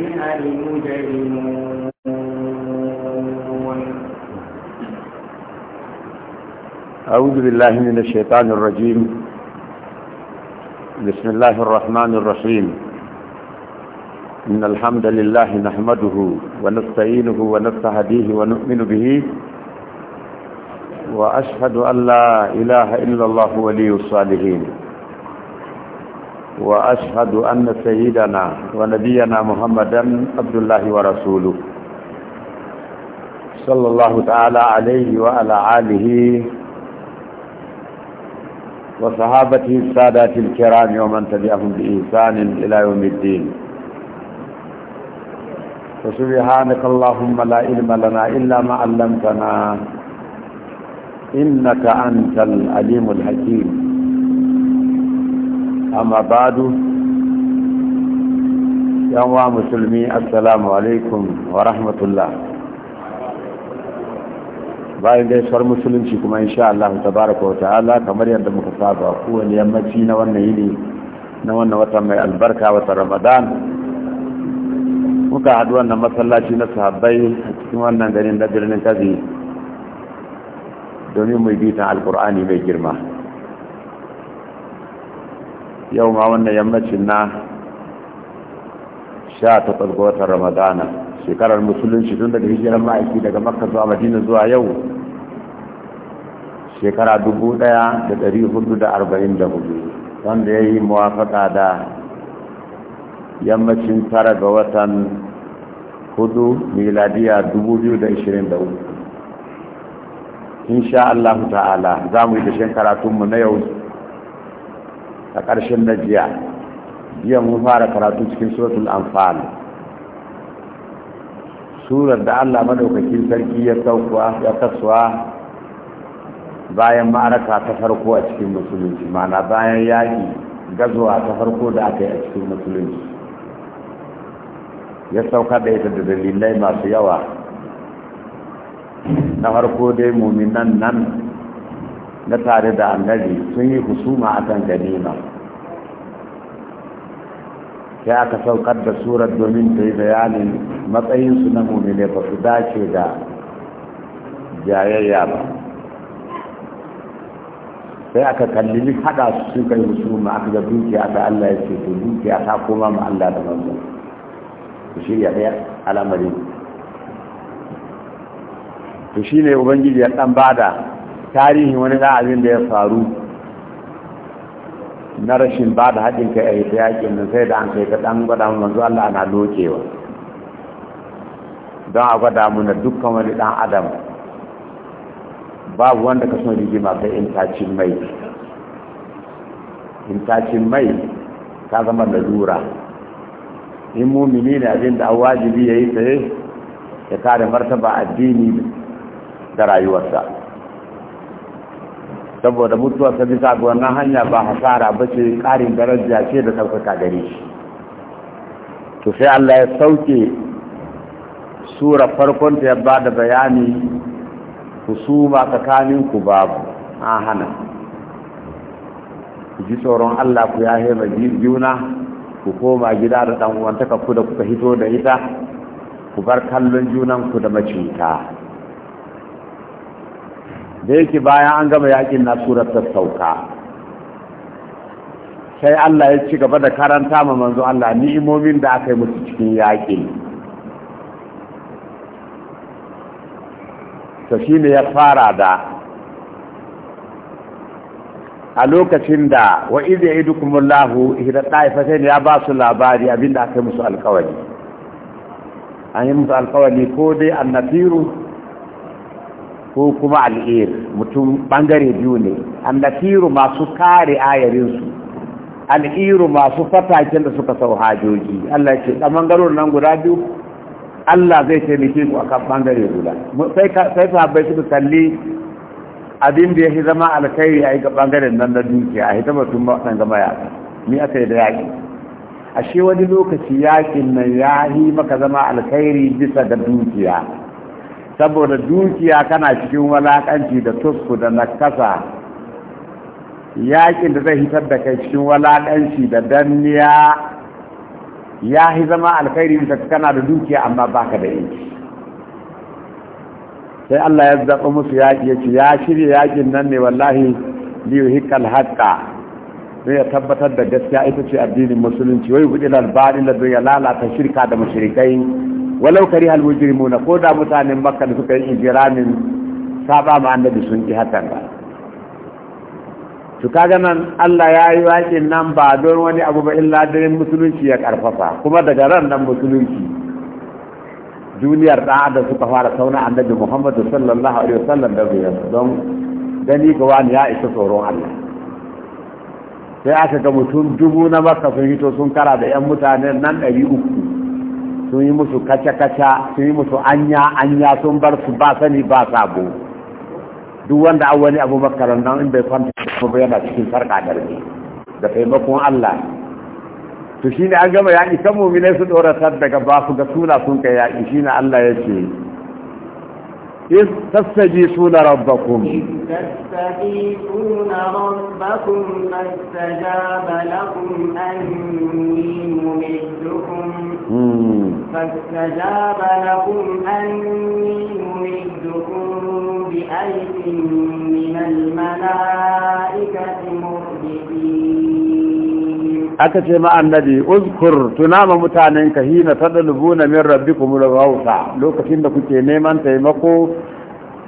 بها المجرمون أعوذ بالله من الشيطان الرجيم بسم الله الرحمن الرحيم إن الحمد لله نحمده ونستعينه ونستهديه ونؤمن به وأشهد أن لا إله إلا الله ولي الصالحين وأشهد أن سيدنا ونبينا محمدا عبد الله ورسوله صلى الله تعالى عليه وعلى آله وصحابته السادات الكرام ومن تبعهم بإحسان إلى يوم الدين فسبحانك اللهم لا علم لنا إلا ما علمتنا إنك أنت العليم الحكيم amma badu wa musulmi assalamu alaikum wa rahmatullah bayan gaisuwar musulunci kuma insha Allah tabaraka wa ta'ala kamar yadda muka saba kowane yammaci na wannan yini na wannan watan mai albarka watan Ramadan muka haɗu wannan masallaci na sahabbai a cikin wannan garin da birnin Kabi domin mu yi bitan alkur'ani mai girma yau ma wannan yammacin na sha ta ga ramadana shekarar musulunci tun daga hijirar ma'aiki daga makka zuwa madina zuwa yau shekara dubu ɗaya da hudu da arba'in da hudu, wanda ya yi muwafaka da yammacin tara ga watan hudu miladiya uku. insha Allah ta'ala za mu yi da karatunmu na yau ta ƙarshen na jiya jiya mun fara karatu cikin suratul anfal surar da Allah madaukakin sarki ya saukuwa bayan ma'araka ta farko a cikin musulunci mana bayan yaƙi gazuwa ta farko da aka yi a cikin musulunci ya sauka da ita da dalilai masu yawa na farko dai muminan nan na tare da annabi sun yi husuma a kan ganima sai aka saukar da surar domin ta yi bayanin matsayinsu na mummune ba su dace da jayayya ba sai aka kalli haɗa su sun kai husuma aka ga dukiya ta Allah ya ce to dukiya ta koma ma Allah da manzo ku shirya ɗaya al'amari. to shine ubangiji ya ɗan bada tarihin wani ɗan abin da ya faru na rashin ba da haɗin kai a yi ta yakin nan sai da an kai ka ɗan gwada mu manzo Allah ana lokewa don a gwada mu na dukkan wani ɗan adam babu wanda ka son rigima kai in tacin mai in tacin mai ta zama lura, in mumini ne abin da an wajibi ya yi tsaye ya kare martaba addini da rayuwarsa saboda mutuwa ta bisa ga wannan hanya ba hasara ba ce ƙarin daraja ce da ɗaukaka gare shi to sai Allah ya sauke sura farkon ta ya bada bayani husuma tsakanin ku babu a hana ji tsoron Allah ku ya hema juna ku koma gida da ɗan uwantaka ku da kuka hito da ita ku bar kallon junan ku da macinta da yake bayan an gama yakin na surar ta sauka sai Allah ya ci gaba da karanta ma manzo Allah ni'imomin da aka yi musu cikin yakin to ne ya fara da a lokacin da wa idza yadukumullahu ihda ne ya ba su labari abinda aka yi musu alkawari an yi musu alkawari ko dai annafiru ko kuma al'ir mutum bangare biyu ne annasiru masu kare ayarinsu al'iru masu fatakin da suka sau hajoji Allah ce a bangarorin nan guda biyu Allah zai taimake ku akan bangare guda sai sahabbai su kalli abin da ya fi zama alkhairi a ga bangaren nan na dukiya a hita mutum gama ya ni aka yi da A ashe wani lokaci yakin nan ya yi maka zama alkhairi bisa ga dukiya saboda dukiya kana cikin walakanci da tusku da nakasa yakin da zai hitar da kai cikin walakanci da danniya ya yi zama alkhairi bisa kana da dukiya amma baka da yanki sai Allah ya zaɓa musu yaƙi ya ce ya shirya yaƙin nan ne wallahi liyu hikal haƙƙa don ya tabbatar da gaskiya ita ce addinin musulunci wai buɗe lalbari da ya lalata shirka da mashirikai walau kari hal mujrimuna ko da mutanen makka da suka yi ijiramin saba ma annabi sun ki hakan ba to kaga nan Allah ya yi waƙin nan ba don wani abu ba illa daren musulunci ya karfafa kuma daga ran nan musulunci duniyar da da suka fara sauna annabi Muhammad sallallahu alaihi wasallam da zai don gani ga wani ya isa tsoron Allah sai aka ga mutum dubu na maka sun hito sun kara da 'yan mutanen nan ɗari uku sun yi musu kaca-kaca sun yi musu anya-anya sun bar su ba sani ba sabo duk wanda an wani abu makarar nan in bai kwanta kuma bai yana cikin sarka garbi da taimakon Allah to shi ne an gama yaƙi kan mummina su ɗoratar daga ba su ga suna sun kai yaƙi shi Allah ya ce إذ تستجيسون ربكم إذ تستجيسون ربكم فاستجاب فاستجاب لكم أني ممدكم بأيد من الملائكة aka ce ma annabi uzkur tunama mutanen ka hina ta min rabbikum al-ghawsa lokacin da kuke neman taimako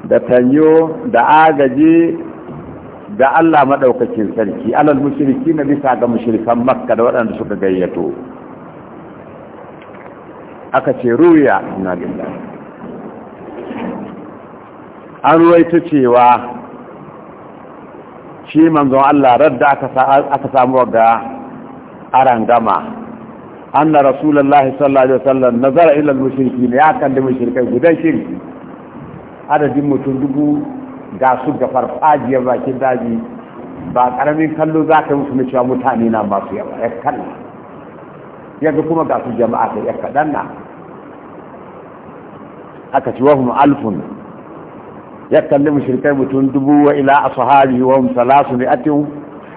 da tanyo da agaji ga Allah madaukakin sarki alal mushrikin bisa ga mushrikan makka da wadanda suka gayyato aka ce ruya na lillahi an ruwaito cewa shi manzon Allah radda aka samu ga arangama anna rasulullahi sallallahu alaihi wasallam nazara ila al-mushrikeen ya kalli mushrikai gudan shirki adadin mutum dubu ga su ga farfajiyar bakin daji ba karamin kallo za ka yi musu na cewa mutane na masu yawa ya kalla yaga kuma ga su jama'a da ya kaɗan na aka ci wahum alfun ya kalli mushrikai mutum dubu wa ila ashabi wa hum salasu ne atin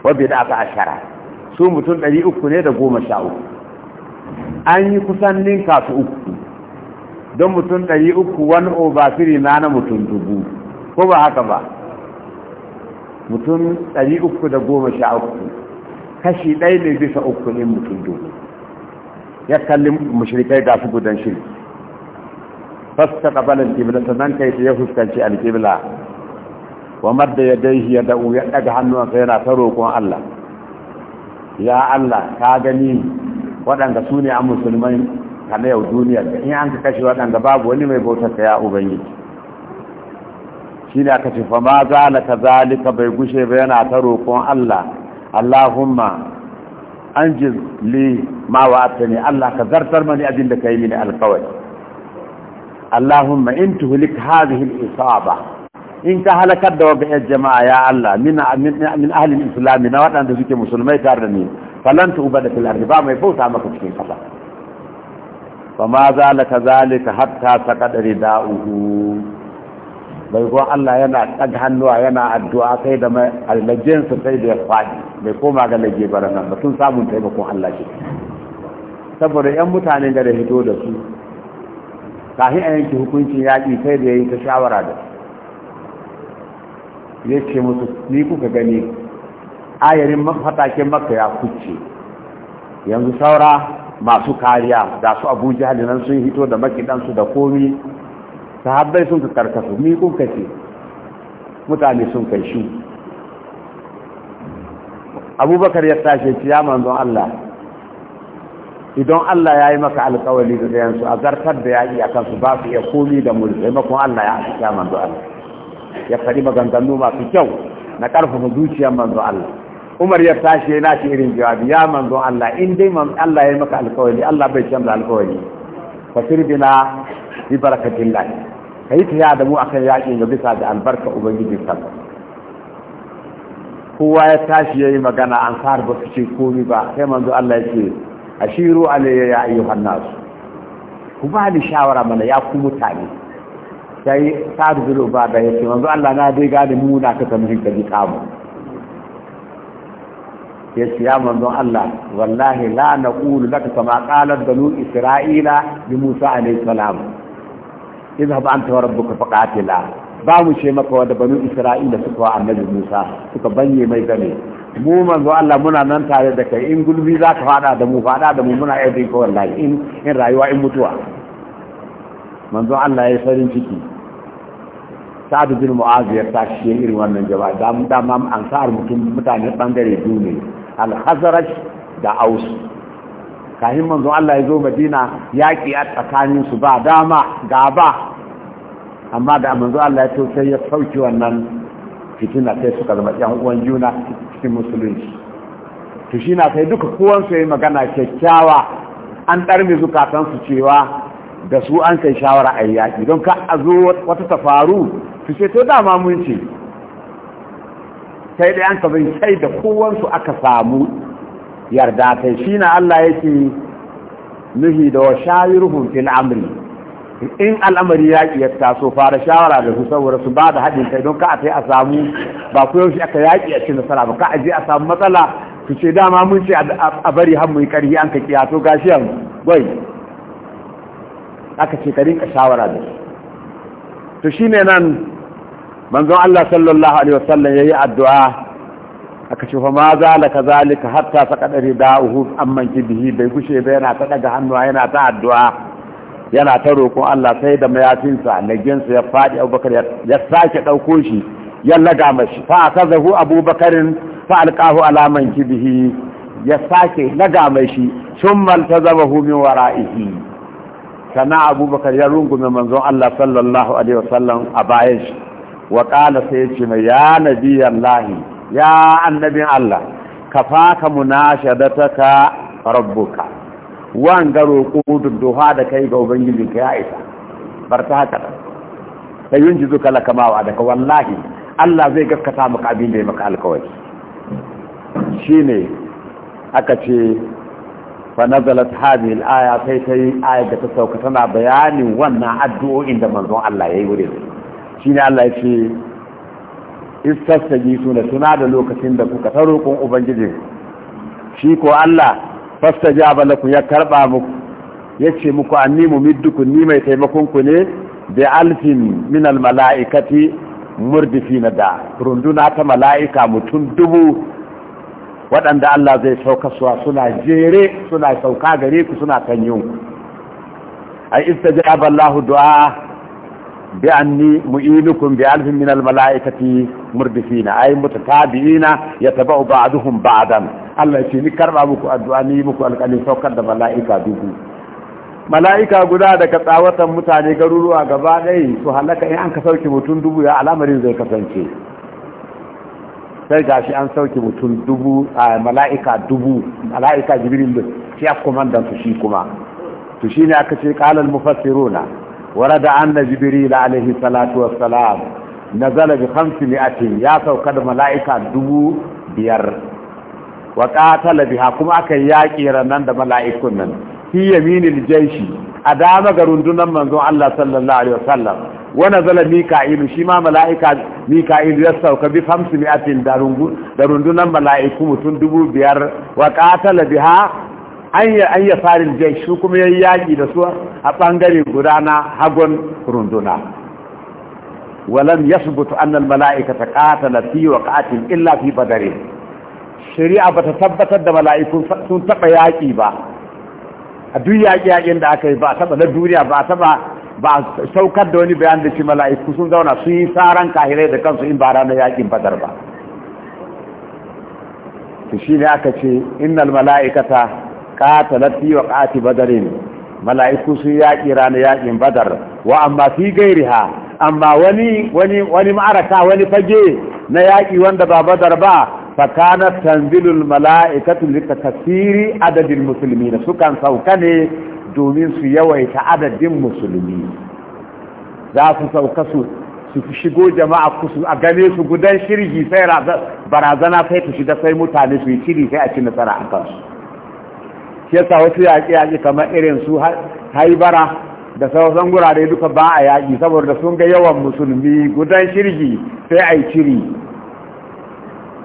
wa bid'ata ashara su mutum ɗari uku ne da goma sha uku. an yi kusan ninka su uku don mutum ɗari uku wani obasiri na na mutum dubu ko ba haka ba mutum ɗari uku da goma sha uku. kashi ɗaya ne bisa uku ne mutum dubu ya kalli mushrikai da su gudan shi fasta kabalan kibla nan kai ya fuskanci alkibla wa madda yadayhi ya da'u ya daga hannuwansa yana ta roƙon Allah ya Allah ka gani waɗanda su ne a musulman ka na yau duniyar da in an ka kashe waɗanda babu wani mai bautar ka ya ubangiji shi ne aka ce fa ma ka zalika bai gushe ba yana ta roƙon Allah Allahumma an ji li ma ne Allah ka zartar mani abin da ka mini alkawari Allahumma in tuhlik hadhihi al-isaba in ka halakar da wabiyar jama'a ya Allah min min ahli al-islam na waɗanda suke musulmai tare da ni falan uba da fil ardi mai bauta maka cikin kasa fa ma zalika zalika hatta da rida'uhu mai kuwa Allah yana ɗaga hannuwa yana addu'a sai da almajinsa sai da ya faɗi bai koma ga lage bara ba sun samun taimakon Allah ke saboda ‘yan mutane da da hito da su kafin a yanki hukuncin yaƙi sai da ya yi ta shawara da su ya ce musu ni kuka gani ayarin mafatakin maka ya kuce yanzu saura masu kariya da su abuja halinan sun hito da makidansu da komi sahabbai sun karkasu mi kun kace mutane sun kai shi abubakar ya tashi ya manzo Allah idan Allah ya yi maka alkawali da yansu a zartar da ya yi a kansu ba su iya komi da mulki maimakon Allah ya ya manzo Allah ya fari maganganu masu kyau na karfafa zuciyar manzo Allah Umar ya tashi yana nace irin jawabi ya manzo Allah in dai Allah ya yi maka alkawali Allah bai canza alkawali fasir bina ببركة الله كيف يعدموا أخي يعني أنه بسعد أن بركة أبنجي صلى هو يتاشي يما كان أنصار بسيشي كوني با كما ذو الله يتير أشيروا علي يا أيها الناس هو ما شاورا من يأكم تاني كي سعد ذلو بابا يتير من ذو الله نادي قال مونا كتمهن كذي قاموا يسيا من ذو الله والله لا نقول لك كما قالت بنو إسرائيل لموسى عليه السلام izhab anta wa rabbuka faqatila ba mu ce maka wanda banu isra'ila suka wa annabi musa suka banye mai gane mu manzo Allah muna nan tare da kai in gulbi za ka fada da mu fada da mu muna aidin ko wallahi in in rayuwa in mutuwa manzo Allah ya farin ciki sa'ad bin mu'az ya tashi irin wannan jama'a da mu da mu ansar mutum mutane bangare duniya ne al da aus kahin manzo Allah ya zo Madina yaki a tsakanin su ba dama ga ba. amma da manzo Allah ya to sai ya sauki wannan fitina sai suka zama yan uwan juna cikin musulunci to shi na sai duka kowan su yi magana kyakkyawa an ɗarmi zukatan su cewa da su an kai shawara a yaki don ka a zo wata ta faru su ce to dama mun ce sai dai an ka bin sai da kowansu aka samu yarda kai shi na Allah yake nuhi da wa shawiruhum fil amri in al'amari ya ƙi taso fara shawara da su saboda su ba da haɗin kai don ka a sai a samu ba ku yaushe aka yaƙi a cin nasara ba ka a je a samu matsala su ce dama mun ce a bari hannu mu yi ƙarfi an ka to gashi yanzu gwai aka ce ka rinka shawara da su to shi ne nan manzon Allah sallallahu alaihi wasallam yi addu'a aka ce fa ma za la kazalika hatta faqad rida'uhu amman bihi bai gushe ba yana ta daga hannuwa yana ta addu'a yana ta roƙon Allah sai da mayafinsa lagin sa ya fadi Abubakar ya sake dauko shi ya laga mashi fa akazahu Abubakarin fa alqahu ala man bihi ya sake laga mashi thumma altazabahu min wara'ihi sana Abubakar ya rungume manzon Allah sallallahu alaihi wasallam a bayan shi wa qala sai ya ce ya nabiyallahi ya annabin Allah ka faka munashadataka rabbuka wanga roƙo dudduha da kai ga ubangiji ya isa bar ta haka sai yin jizu la kama wa daga wallahi Allah zai gaskata maka abin da ya maka alkawari shine aka ce fa nazalat hadhihi al-aya sai sai aya da ta sauka tana bayanin wannan addu'o'in da manzon Allah yayi wurin shine Allah ya ce istastagi suna tuna da lokacin da kuka ta roƙon ubangijin shi ko Allah fastajaba lakum ya karba muku ce muku anni mumiddukum ni mai taimakon ku ne bi alfin min al malaikati murdifina da runduna ta mala'ika mutum dubu waɗanda Allah zai sauka suna jere suna sauka gare ku suna kanyon ku ai istajaba Allahu du'a bi anni mu'inukum bi alfin min al mala'ikati murdifina ay mutatabi'ina yatabau ba'duhum ba'dan Allah ce ni karba muku addu'a ni muku alƙalin saukar da mala'ika dubu mala'ika guda daga tsawatan mutane garuruwa gaba ɗaya su halaka in an ka sauke mutum dubu ya al'amarin zai kasance sai gashi an sauke mutum dubu a mala'ika dubu mala'ika jibril shi ya komandan su shi kuma to shine aka ce al mufassiruna ورد أن جبريل عليه الصلاة والسلام نزل بخمسمائة يا سوكد ملائكة دو بير وقاتل بها كما أكي ياكي رنان ملائكة في يمين الجيش أدام قرندنا منذ الله صلى الله عليه وسلم ونزل ميكائيل شما ملائكة ميكائيل يسوك بخمسمائة درندنا ملائكة تندبو بير وقاتل بها an ya farin jai shi kuma ya yaƙi da su a ɓangare guda na hagon runduna walam ya subutu annal mala'ika ta na fi wa ƙatin illa fi badare shari'a ba ta tabbatar da mala'ikun sun taɓa yaƙi ba a duk yaƙi-yaƙin da aka yi ba a taɓa na duniya ba a taɓa ba a saukar da wani bayan da shi mala'iku sun zauna sun yi tsaron kahirai da kansu in ba ranar yaƙin badar ba Ta shi ne aka ce innal mala'ikata qatalat fi waqati badarin mala'iku su yaƙi rana yaƙin badar wa amma fi gairiha amma wani wani wani ma'araka wani fage na yaƙi wanda ba badar ba fakana tanzilul mala'ikatu litakasiri adadin musulmi na sukan sauka ne domin su yawaita adadin musulmi za su sauka su su shigo jama'a kusu a gane su gudan shirgi sai barazana sai ta shiga sai mutane su yi shiri sai a ci nasara a kansu yasa wasu yaƙe-yaƙe kamar irin su haibara da sauran gurare duka ba a yaƙi saboda sun ga yawan musulmi gudan shirgi sai a yi ciri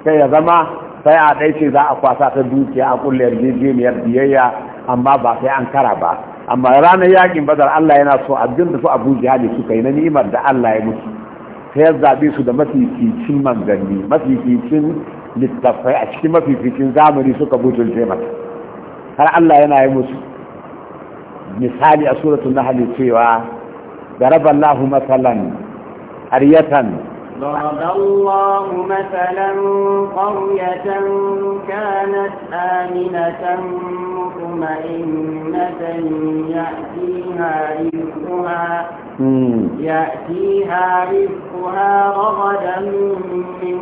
sai ya zama sai a ɗai ce za a kwasa ta dukiya a kulle yarjejeniyar biyayya amma ba sai an kara ba amma ranar yaƙin bazar Allah yana so abin da su abu jihadi suka yi na ni'imar da Allah ya mutu. sai ya zaɓe su da mafificin manzanni mafificin littattafai a cikin mafificin zamani suka butulce mata har Allah yana yi musu misali a suratun nahl cewa daraba Allahu masalan qaryatan ضرب الله مثلا قرية كانت آمنة مطمئنة يأتيها رزقها يأتيها رزقها رغدا من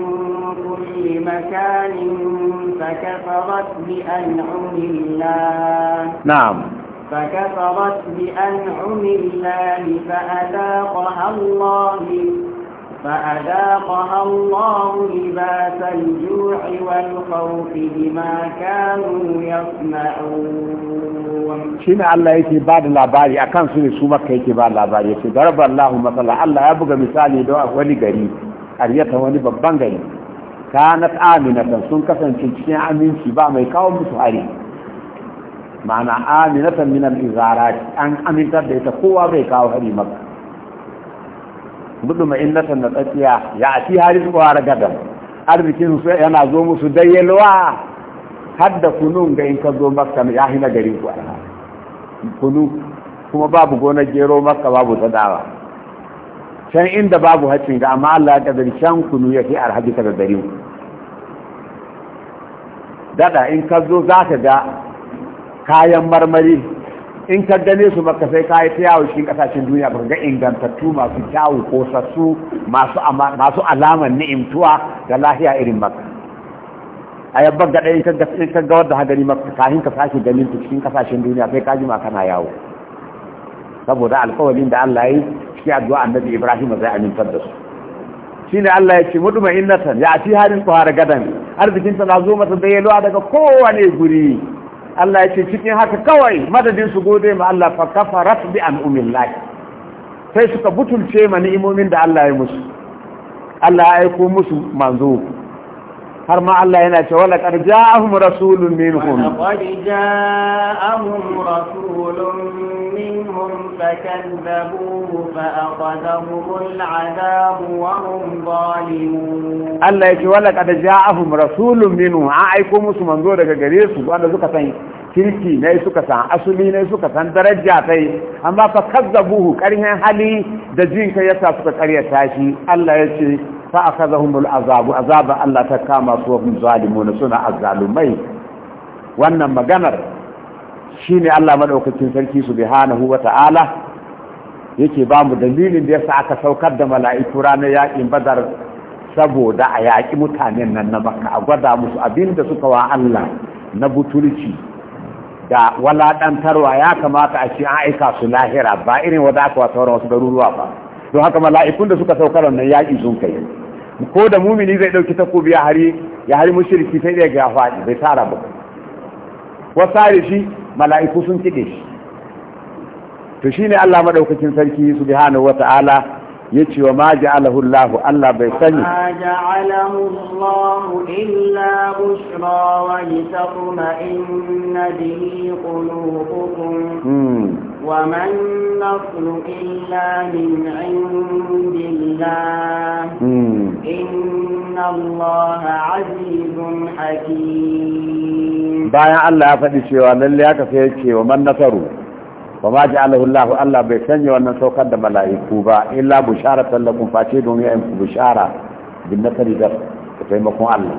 كل مكان فكفرت بأنعم الله نعم فكفرت بأنعم الله فأذاقها الله فأذاقها الله لباس الجوع والخوف بما كانوا يصنعون شين الله يكي بعد labari akan su ne su maka yake ba labari yace daraba Allahu masala Allah ya buga misali da wani gari ƙaryata wani babban gari kanat aminatan sun kasance cikin aminci ba mai kawo musu hari ma'ana aminatan min al-izarat an amintar da ita kowa bai kawo hari maka mutuma innatan na tsakiya ya a fi suka wara gadan arzikin su yana zo musu dayyalwa har da kunun ga in ka zo makka ya hina garin ku kunu kuma babu gona gero makka babu tsadawa can inda babu haccin ga amma Allah ya kadar can kunu ya fi arhabi bisa da ku dada in ka zo za ka ga kayan marmari in ka gane su maka sai ka yi ta yawo cikin kasashen duniya ba ga ingantattu masu kyawu ko sassu masu alamar ni'imtuwa da lahiya irin maka a yabban ga ɗaya in ka ga wadda hagari maka kahin ka sashi ganin ta cikin kasashen duniya sai ka ji ma kana yawo saboda alkawalin da Allah ya yi cikin addu'a annabi Ibrahim zai amintar da su shine Allah ya ce muduma innatan ya ci harin tsohar gadan arzikin ta na zo masa da daga kowane guri Allah ya ce cikin haka kawai madadin su gode ma Allah fa kafarat bi an'umillah sai suka butulce ma ni'imomin da Allah ya musu Allah ya aiko musu manzo har ma Allah yana cewa laqad ja'ahum rasulun minhum laqad ja'ahum rasulun minhum fakadzabuhu fa'akhadhahum al'adab wa hum zalimun Allah yake wa laqad ja'ahum rasulun minhum a aiko musu manzo daga gare su wanda suka san kirki ne suka san asuli ne suka san daraja sai amma fa kazzabuhu karhin hali da jinka kai yasa suka karyata shi Allah yace fa akhadhahumul azabu azaba Allah ta kama su hum zalimuna suna azzalumai wannan maganar shine Allah madaukakin sarki subhanahu ta'ala yake ba mu dalilin da yasa aka saukar da mala'iku ranar yakin badar saboda a yaƙi mutanen nan na makka a gwada musu abinda suka wa Allah na butulci da walaɗantarwa ya kamata a ce an aika su lahira ba irin wa sauran wasu garuruwa ba don haka mala'ikun da suka saukar wannan yaƙi sun kai ko da mumini zai dauki takobi ya hari ya hari mushriki sai daga ya faɗi bai tsara ba wasare shi mala'iku sun kide shi to shine Allah madaukakin sarki subhanahu wata'ala yace wa ma ja'alahu Allah Allah bai sani ma ja'alahu Allah illa bushra wa inna bihi qulubukum hmm. وما النصر إلا من عند الله hmm. إن الله عزيز حكيم bayan Allah ya faɗi cewa lallai aka sai yake wa man nasaru wa ma ja'alahu Allah Allah bai sanya wannan saukar da mala'iku ba illa busharatan lakum face domin ayin ku bushara bin nasari da taimakon Allah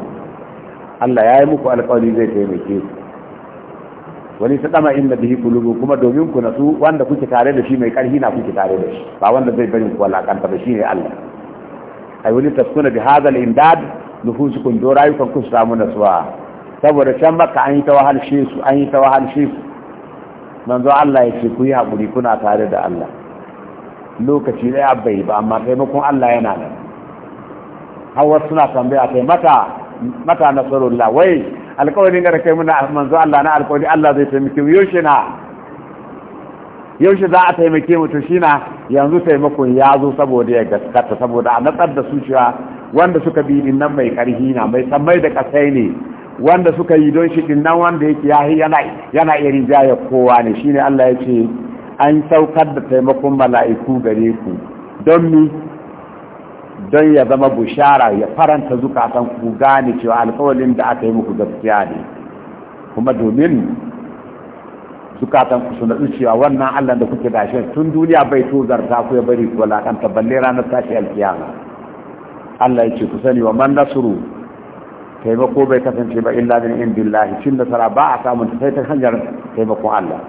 Allah ya yi muku alƙawari zai taimake ku wani ta dama inda bihi kulubu kuma domin ku nasu wanda kuke tare da shi mai karhi na kuke tare da shi ba wanda zai bari ku walakanta ba shine Allah ai wani taskuna bi hadha al-imdad nufusukum do rayukan ku samu nasuwa saboda can maka an yi ta wahal su an yi ta wahalshe su manzo Allah ya ce ku yi hakuri kuna tare da Allah lokaci ɗaya abai ba amma taimakon Allah yana nan har suna tambaya kai mata mata nasarullah wai alkawarin da kai muna manzo Allah na alƙawari Allah zai taimake mu yaushe na yaushe za a taimake mu to shi na yanzu taimakon ya zo saboda ya gaskata saboda a natsar da su cewa wanda suka bi din nan mai ƙarhi na mai tsammai da ƙasai ne wanda suka yi don shi din nan wanda yake ya yana yana iya ya kowa ne shine Allah ya ce an saukar da taimakon mala'iku gare ku don mi don ya zama bushara ya faranta zukatan ku gane cewa alkawalin da aka yi muku gaskiya ne kuma domin zukatan ku suna cewa wannan allah da kuke dashe tun duniya bai tozarta ku ya bari ku lakanta balle ranar tashi alkiyama allah ya ce ku sani wa man nasuru taimako bai kasance ba illa min indillahi cin nasara ba a samun sai ta hanyar taimakon allah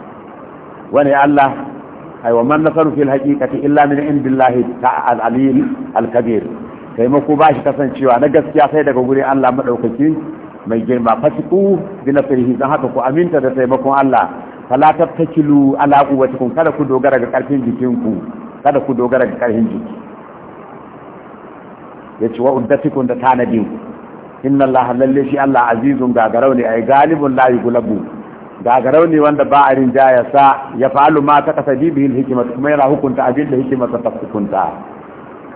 wani allah ai man nasaru fil haqiqati illa min indillahi ta'al al'alil al-kabir taimako ba shi kasancewa na gaskiya sai daga gurin Allah madaukaki mai girma fasiku bi nasrihi dan haka ku aminta da taimakon Allah fala tattakilu ala quwwatikum kada ku dogara ga karfin jikinku kada ku dogara ga karfin jiki ci wa uddatikum da tanadin inna Allah lalle shi Allah azizun gagarau ne ai galibun lahi gulabu gagarau ne wanda ba a rinjaya sa ya fa'alu ma ta kasa bibihin hikimata kuma yana hukunta abin da hikimata ta hukunta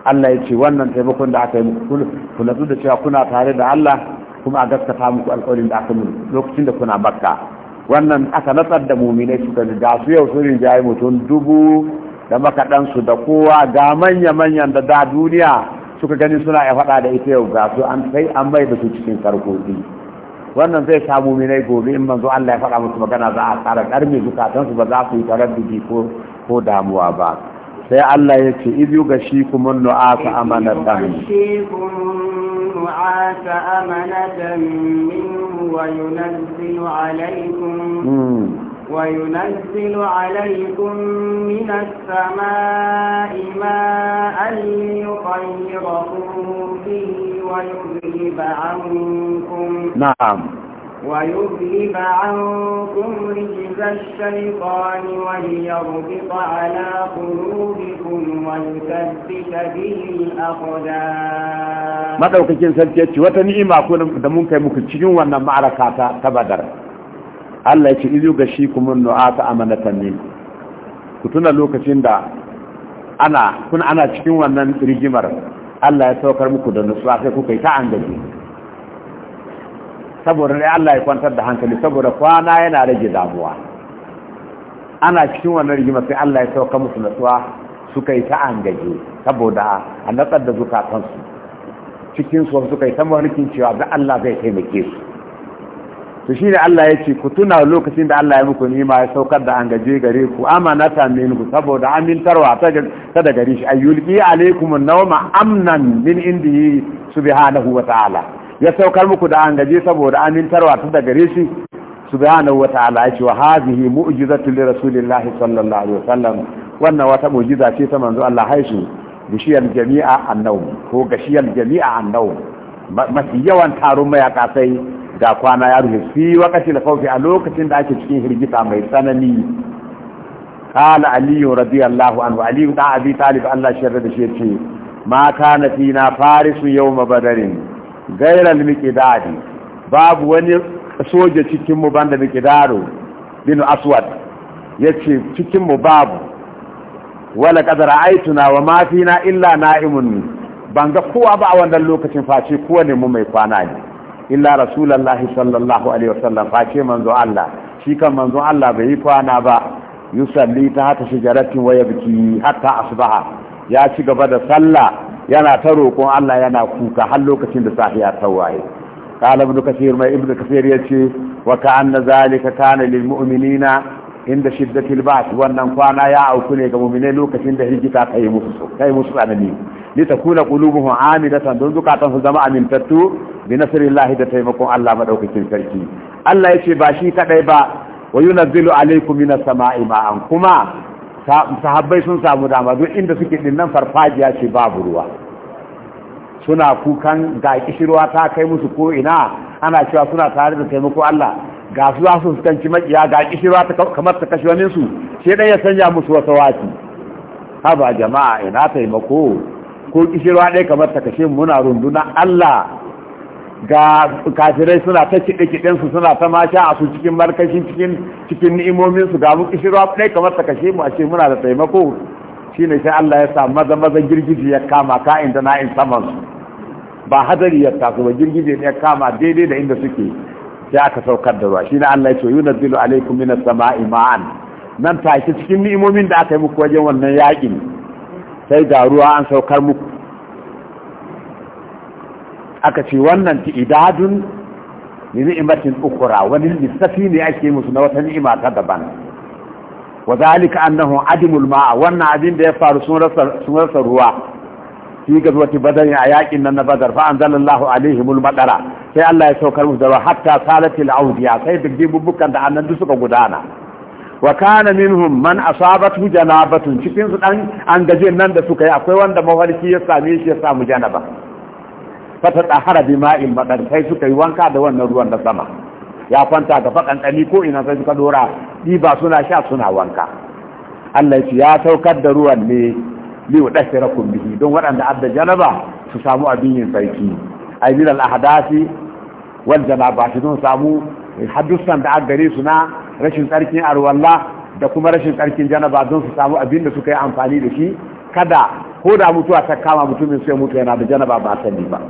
Allah ya ce wannan taimakon da aka yi muku kuna da cewa kuna tare da Allah kuma a gaskata muku alƙawarin da aka muku lokacin da kuna makka wannan aka natsar da muminai suka ga su yau sun rinjaye mutum dubu da makaɗansu da kowa ga manya-manyan da da duniya suka gani suna ya faɗa da ita yau ga su an sai an mai da su cikin sarkoki wannan zai samu minai gobe in manzo Allah ya faɗa musu magana za a ƙara ƙarmi zukatansu ba za su yi taraddudi ko ko damuwa ba sai Allah ya ce iz ga kumun nu'asa amanatan النعاس أمنة وينزل عليكم من السماء ماء ليطيركم به ويذهب عنكم نعم ويذهب عنكم رجز الشيطان وليربط على قلوبكم ويثبت به الأقدام madaukakin sarki ko da mun kai muku cikin wannan ma'araka ta ta Badar Allah yace izu gashi kuma nu'ata amanatan min ku tuna lokacin da ana cikin wannan rigimar Allah ya saukar muku da nutsuwa sai kuka yi ta an gaji saboda ne Allah ya kwantar da hankali saboda kwana yana rage damuwa ana cikin wannan rigima sai Allah ya saukar musu nutsuwa suka yi ta an gaji saboda a natsar da zukatansu cikin su suka yi ta mawarkin cewa da Allah zai taimake su to shine Allah ya ce ku tuna lokacin da Allah ya muku nima ya saukar da an gaje gare ku amanata minku saboda amintarwa ta da gare shi Ayyulki? alaikum an-nawma amnan min indihi subhanahu wa ta'ala ya saukar muku da an gaje saboda amintarwa ta da gare shi subhanahu wa ta'ala ya ce wa hadhihi mu'jizatu li rasulillahi sallallahu alaihi wasallam wannan wata mu'jiza ce ta manzo Allah haishi gishiyar jami'a annawm ko gashiyar jami'a annawm mafi yawan taron mayaka sai ga kwana ya rufe fi wakati da kawfi a lokacin da ake cikin hirgita mai tsanani kala aliyu radiyallahu anhu aliyu da abi talib Allah shi da shi ce ma kana na farisu yau badarin gairal miqdadi babu wani soja cikin mu banda miqdaro bin aswad yace cikin mu babu wala qad aituna wa ma na illa na'imun ga kowa ba a wannan lokacin face kowa ne mu mai kwana ne illa rasulullahi sallallahu alaihi wasallam face manzo Allah shi kan manzo Allah bai yi kwana ba yusalli ta hata shijaratin waya biki hatta asbaha ya ci gaba da sallah yana ta roƙon Allah yana kuka har lokacin da safiya ta waye qala ibn kathir mai ibn kathir yace wa anna zalika kana lil mu'minina inda shiddatil ba'th wannan kwana ya auku ne ga mu'minai lokacin da ta yi musu kai musu tsanani li takuna qulubuhum amidatan don zukatan su zama amintattu bi nasrillahi da taimakon Allah madaukakin sarki Allah yace ba shi kadai ba wa yunazzilu alaykum minas sama'i ma'an kuma sahabbai sun samu dama duk inda suke dinnan farfajiya ce babu ruwa suna kukan ga kishirwa ta kai musu ko ina ana cewa suna tare da taimako Allah ga su za su fuskanci makiya ga kishirwa ta kamar ta kashe wani su sai dai ya sanya musu wasa waki. haba jama'a ina taimako ko kishirwa ɗaya kamar ta kashe muna runduna Allah ga kafirai suna ta kiɗe kiɗen suna ta masha a su cikin markashin cikin cikin ni'imominsu ga mu kishirwa ɗaya kamar ta kashe mu a ce muna da taimako Shi ne sai Allah ya sa maza maza girgiji ya kama ka inda na in saman su ba hadari ya taso ba girgiji ya kama daidai da inda suke sai aka saukar da ruwa shine Allah ya ce yunazzilu alaikum minas sama'i ma'an nan ke cikin ni'imomin da aka yi muku wajen wannan yaƙin sai ga ruwa an saukar muku aka ce wannan ti idadun ni ni'imatin ukura wani lissafi ne ake musu na wata ni'ima ta daban wa zalika annahu adimul ma'a wannan abin da ya faru sun rasa sun rasa ruwa fi gazwati badar a yakin nan na badar fa anzalallahu alaihimul madara sai Allah ya saukar musu da hatta salatil audiya sai dubbukan da annan suka gudana wa kana minhum man asabatu janabatun cikin su dan an gaje nan da suka yi akwai wanda mafarki ya same shi ya samu janaba fata tahara ma'in madan kai suka yi wanka da wannan ruwan da sama ya kwanta ga fakan dani ko ina sai suka dora ba suna sha suna wanka Allah ya saukar da ruwan ne li wadashirakum bihi don waɗanda adda janaba su samu abin yin sarki ay min al ahdasi wal janaba su samu haddusan da aggare su na rashin tsarkin arwallah da kuma rashin tsarkin janaba don su samu abin da suka yi amfani da shi kada ko da mutuwa ta kama mutumin sai mutu yana da janaba ba sani ba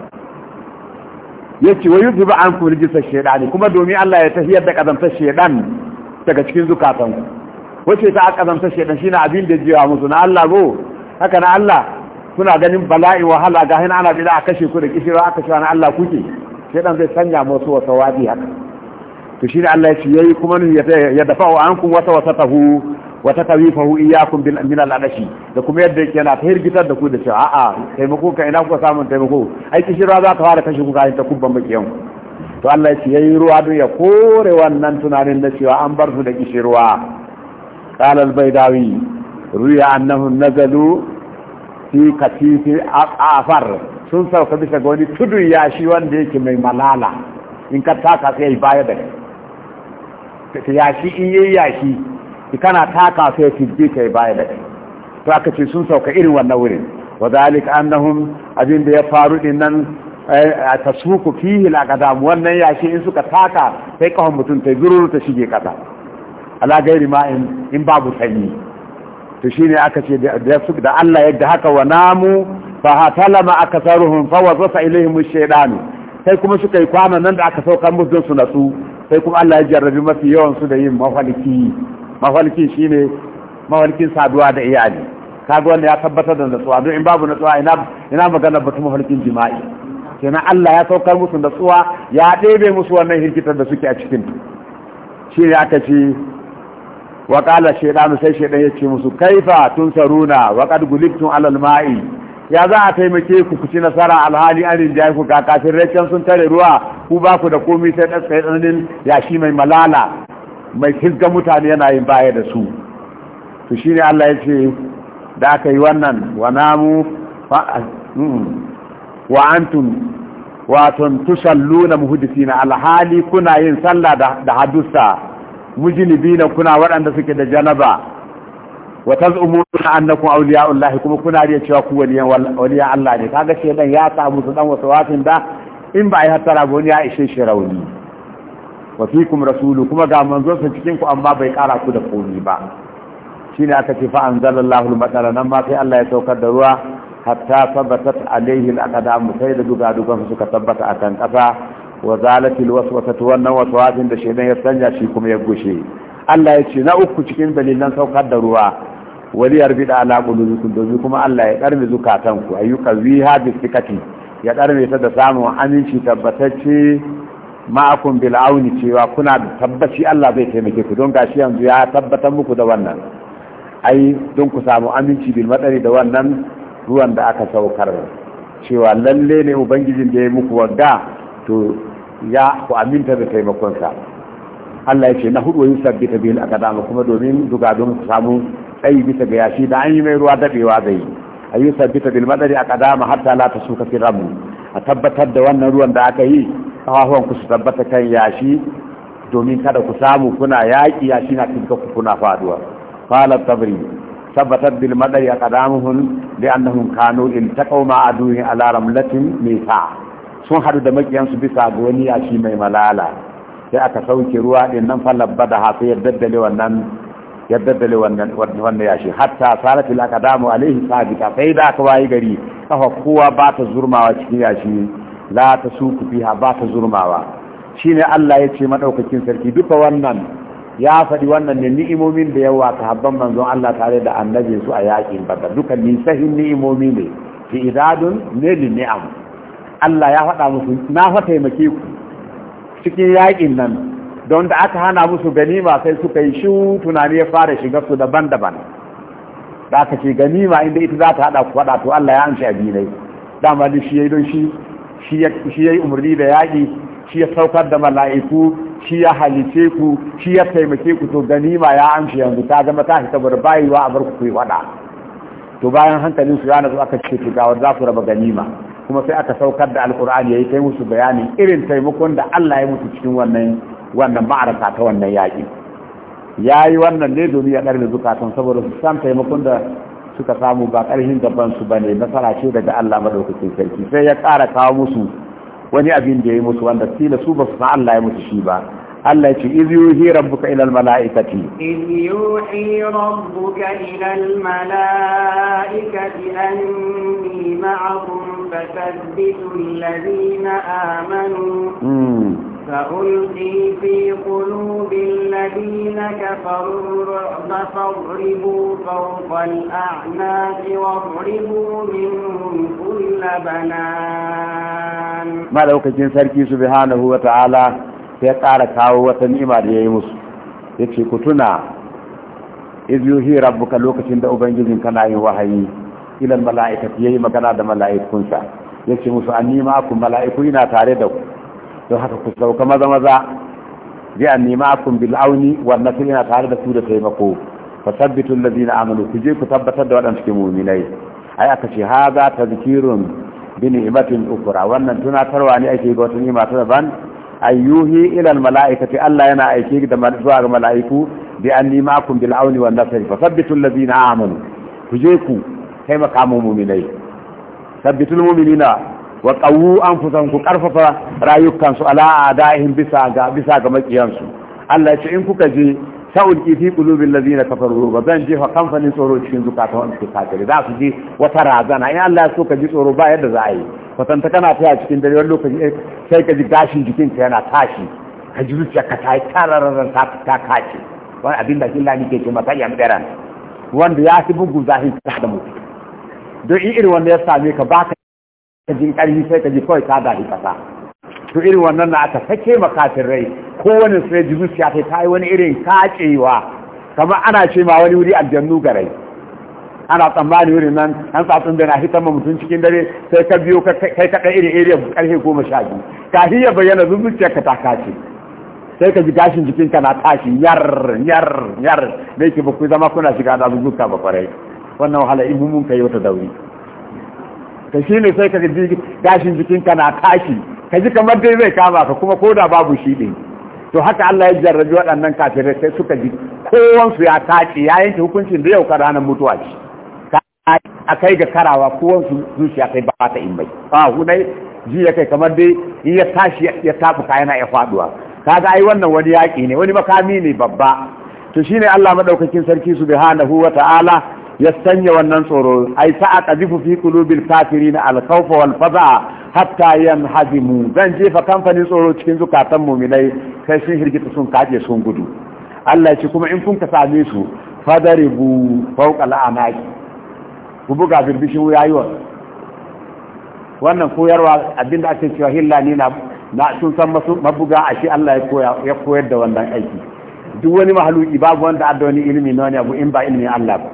Ya ce yace an yuzhibu ankum shaida ne kuma domin Allah ya tafiyar da kazantar shaidan daga cikin zukatanku wace ta kazantar shaidan shine abin da jiwa musu na Allah go haka na Allah kuna ganin bala'i wahala ga hin ana bida a kashe ku da kishira aka cewa na Allah kuke shaidan zai sanya musu wasa wadi haka to shi ne Allah ya ce yayi kuma ya dafa'u ankum wata wasatahu wata kawifahu iyakum bil min al adashi da kuma yadda yake yana hirgitar da ku da cewa a'a taimako ka ina kuka samun taimako ai ruwa za ta fara kashe ku kafin ta kubban yau, to Allah ya ce yayi ruwa don ya kore wannan tunanin na cewa an bar su da kishirwa qala al baydawi ruya annahu nazalu fi katifi afar sun sauka bisa ga wani ya yashi wanda yake mai malala in ka taka sai baya da yashi in yi yashi kana taka sai fiddi kai baya da kai to aka ce sun sauka irin wannan wurin wa zalik annahum abin da ya faru din nan eh, a tasuku fihi wannan yashi in suka taka sai kahon mutum ta zururu ta shige kasa ala gairi ma in babu sanyi to shine aka ce da su da Allah yadda haka wa namu fa hatalama akasaruhum fa wazasa ilaihim ash-shaytan sai kuma suka yi kwana nan da aka sauka musu don su natsu sai kuma Allah ya jarrabi mafi yawan su da yin mafalki mafalki shine mafalkin saduwa da iyali kaga wanda ya tabbatar da natsuwa don in babu natsuwa ina ina magana batun mafalkin jima'i kenan Allah ya saukar musu natsuwa ya ɗebe musu wannan hirkitar da suke a cikin shi aka ci wa qala shaytanu sai shaytan ya ce musu kaifa tunsaruna wa qad gulibtum tun ma'i ya za a taimake ku ku ci nasara alhali an rinjaye ku ga kafin rekan sun tare ruwa ku ba ku da komai sai ɗan tsaye yashi mai malala mai hizga mutane yana yin baya da su to shi ne Allah ya ce da aka yi wannan wa namu mm, wa antum waton tusalluna na alhali kuna yin sallah da hadusa na kuna waɗanda suke da janaba wa tazumuna annakum Allah kuma kuna riya cewa ku waliyan waliya Allah ne kaga dan ya samu su dan wafin da in ba ai hattara ba ya ishe shi rauni wa fikum rasulu kuma ga manzo sa cikin ku amma bai kara ku da komi ba Shi ne aka ce fa anzalallahu al-matala nan ma sai Allah ya saukar da ruwa hatta tabbatat alaihi al-aqdam sai da duga su suka tabbata akan kasa wa zalatil waswasatu wannan waswasin da shedan ya sanya shi kuma ya gushe Allah ya ce na uku cikin dalilan saukar da ruwa wani yarbi da ala qulubikum domin kuma Allah ya zukatanku. zukatan ku ayyukan ziha bi sikati ya karbe ta da samun aminci tabbatacce ma'akun bil'auni. cewa kuna tabbaci Allah zai taimake ku don gashi yanzu ya tabbatar muku da wannan ai don ku samu aminci bil matsari da wannan ruwan da aka saukar cewa lalle ne ubangijin da ya yi muku wagga to ya ku aminta da taimakonsa Allah ya ce na hudu yin sabbi ta biyu akadama kuma domin su samu tsayi bisa ga yashi da an yi mai ruwa daɗewa zai a yi sabbi ta bil madari akadama hatta la ta suka fi rabu a tabbatar da wannan ruwan da aka yi kafafuwan ku su tabbata kan yashi domin kada ku samu kuna yaƙi yashi na cikin ku kuna faduwa falar tabri tabbatar bil madari akadamuhum li annahum kanu iltaqaw ma aduhi ala mai sa sun haɗu da makiyansu bisa ga wani yashi mai malala sai aka sauke ruwa din nan falabba da hasu ya daddale wannan ya wannan yashi hatta salatul aqdamu alaihi sabita sai da aka waye gari kafa kowa ba ta zurmawa cikin yashi la ta suku fiha ba ta zurmawa shine Allah ya ce madaukakin sarki duka wannan ya faɗi wannan ne ni'imomin da yawa ta habban manzon Allah tare da annabi su a yakin badar duka ni'imomi ne fi idadun ne ni'am Allah ya faɗa musu na fa taimake ku cikin yaƙin nan don da aka hana musu ganima sai suka yi shu tunani ya fara shiga su daban-daban da aka ce ganima inda ita za ta haɗa ku faɗa to Allah ya amshi abi ne dama da shi yayi don shi shi yayi umarni da yaƙi shi ya saukar da mala'iku shi ya halice ku shi ya taimake ku to ganima ya amshi yanzu ta zama ta hita barbayiwa a bar ku ku faɗa to bayan hankalin su ya nazo aka ce to ga za ku raba ganima kuma sai aka saukar da alkur'ani yayi kai musu bayanin irin taimakon da Allah ya musu cikin wannan wannan ma'araka ta wannan yaƙi yayi wannan ne domin ya ɗarbe zukatan saboda su san taimakon da suka samu ba ƙarfin gaban su bane nasara ce daga Allah madaukakin sarki sai ya ƙara kawo musu wani abin da ya yi musu wanda tilasu su ba su san Allah ya musu shi ba الله يجي إذ يوحي ربك إلى الملائكة إذ يوحي ربك إلى الملائكة أني معكم فثبتوا الذين آمنوا فألقي في قلوب الذين كفروا الرعب فاضربوا فوق الأعناق واضربوا منهم كل بنان ما لو كنت سبحانه وتعالى sai ƙara kawo wata nima da ya yi musu ya ce ku tuna izuhi rabuka lokacin da ubangijin kana yin wahayi ilal mala'ikati yi magana da mala'ikunsa ya ce musu an nima ku mala'iku ina tare da ku don haka ku sauka maza maza bi an nima bil bil'auni wannan su ina tare da su da taimako fasabbitu na amalu ku je ku tabbatar da waɗanda suke mu'minai ai aka ce ha ta zikirun bi ni'matin ukura wannan tunatarwa ne ake ga wata nima ta daban ayyuhi ila almalaikati Allah yana aiki da zuwa ga mala'iku bi anni ma'akum bil auni wan nasr fa sabbitu allazina amanu ku je ku taimaka mu'minai sabbitu mu'minina wa qawwu anfusakum ku karfafa rayukansu ala adaihim bisa ga bisa ga makiyansu Allah ya ce in kuka je sa'ulki fi qulubil ladina kafaru ba zan jefa kamfanin tsoro cikin zukata wanda suke kafiri za su ji wata razana in Allah ya so ka ji tsoro ba yadda za a yi kwatanta kana taya cikin dare wani lokaci sai ka ji gashin ka yana tashi ka ji zuciya ka tayi yi tararrarar ta kace wani abin da kin lani ke ce maka yan daren wanda ya fi bugu zahin ta da mutu don in irin wanda ya same ka baka jin karfi sai ka ji kawai ka gadi kasa to irin wannan na aka sake makafin rai wani su ya ji zuciya ta yi wani irin kacewa kamar ana ce ma wani wuri aljannu garai ana tsammanin wuri nan an tsatsun da na hitar ma mutum cikin dare sai ka biyo kai kaɗa irin iri karfe goma sha biyu ka hiya bayyana zuciyar ka ta kace sai ka ji gashin jikinka na tashi yar yar yar da yake ba ku zama kuna shiga da zuzuka ba kwarai wannan wahala in mun kai wata dauri ka shi ne sai ka ji gashin jikinka na tashi ka ji kamar dai zai kama ka kuma koda babu shi ne to haka Allah ya jarrabi waɗannan kafirai sai suka ji kowansu ya tace ya yanke hukuncin da yau ka ranar mutuwa ce a kai ga karawa kowansu zuciya kai ba ta in bai ba hunai ji ya kai kamar dai in ya tashi ya tafi kayana ya faduwa kaga ai wannan wani yaƙi ne wani makami ne babba to shine Allah madaukakin sarki subhanahu wa ta'ala ya sanya wannan tsoro ai sa'a qadhifu fi qulubil kafirin al khawfa wal faza'a hatta yan mu zan jefa kamfanin tsoro cikin zukatan mu'minai sai sun hirgita sun kaje sun gudu Allah ce kuma in kun ka same su fadari bu fauka al'anaki ku buga birbishin wa wannan koyarwa abinda ake cewa hilla ne na na sun san masu mabuga a shi Allah ya koyar da wannan aiki duk wani mahaluki babu wanda adda wani ilimi na wani abu in ba ilimin Allah ba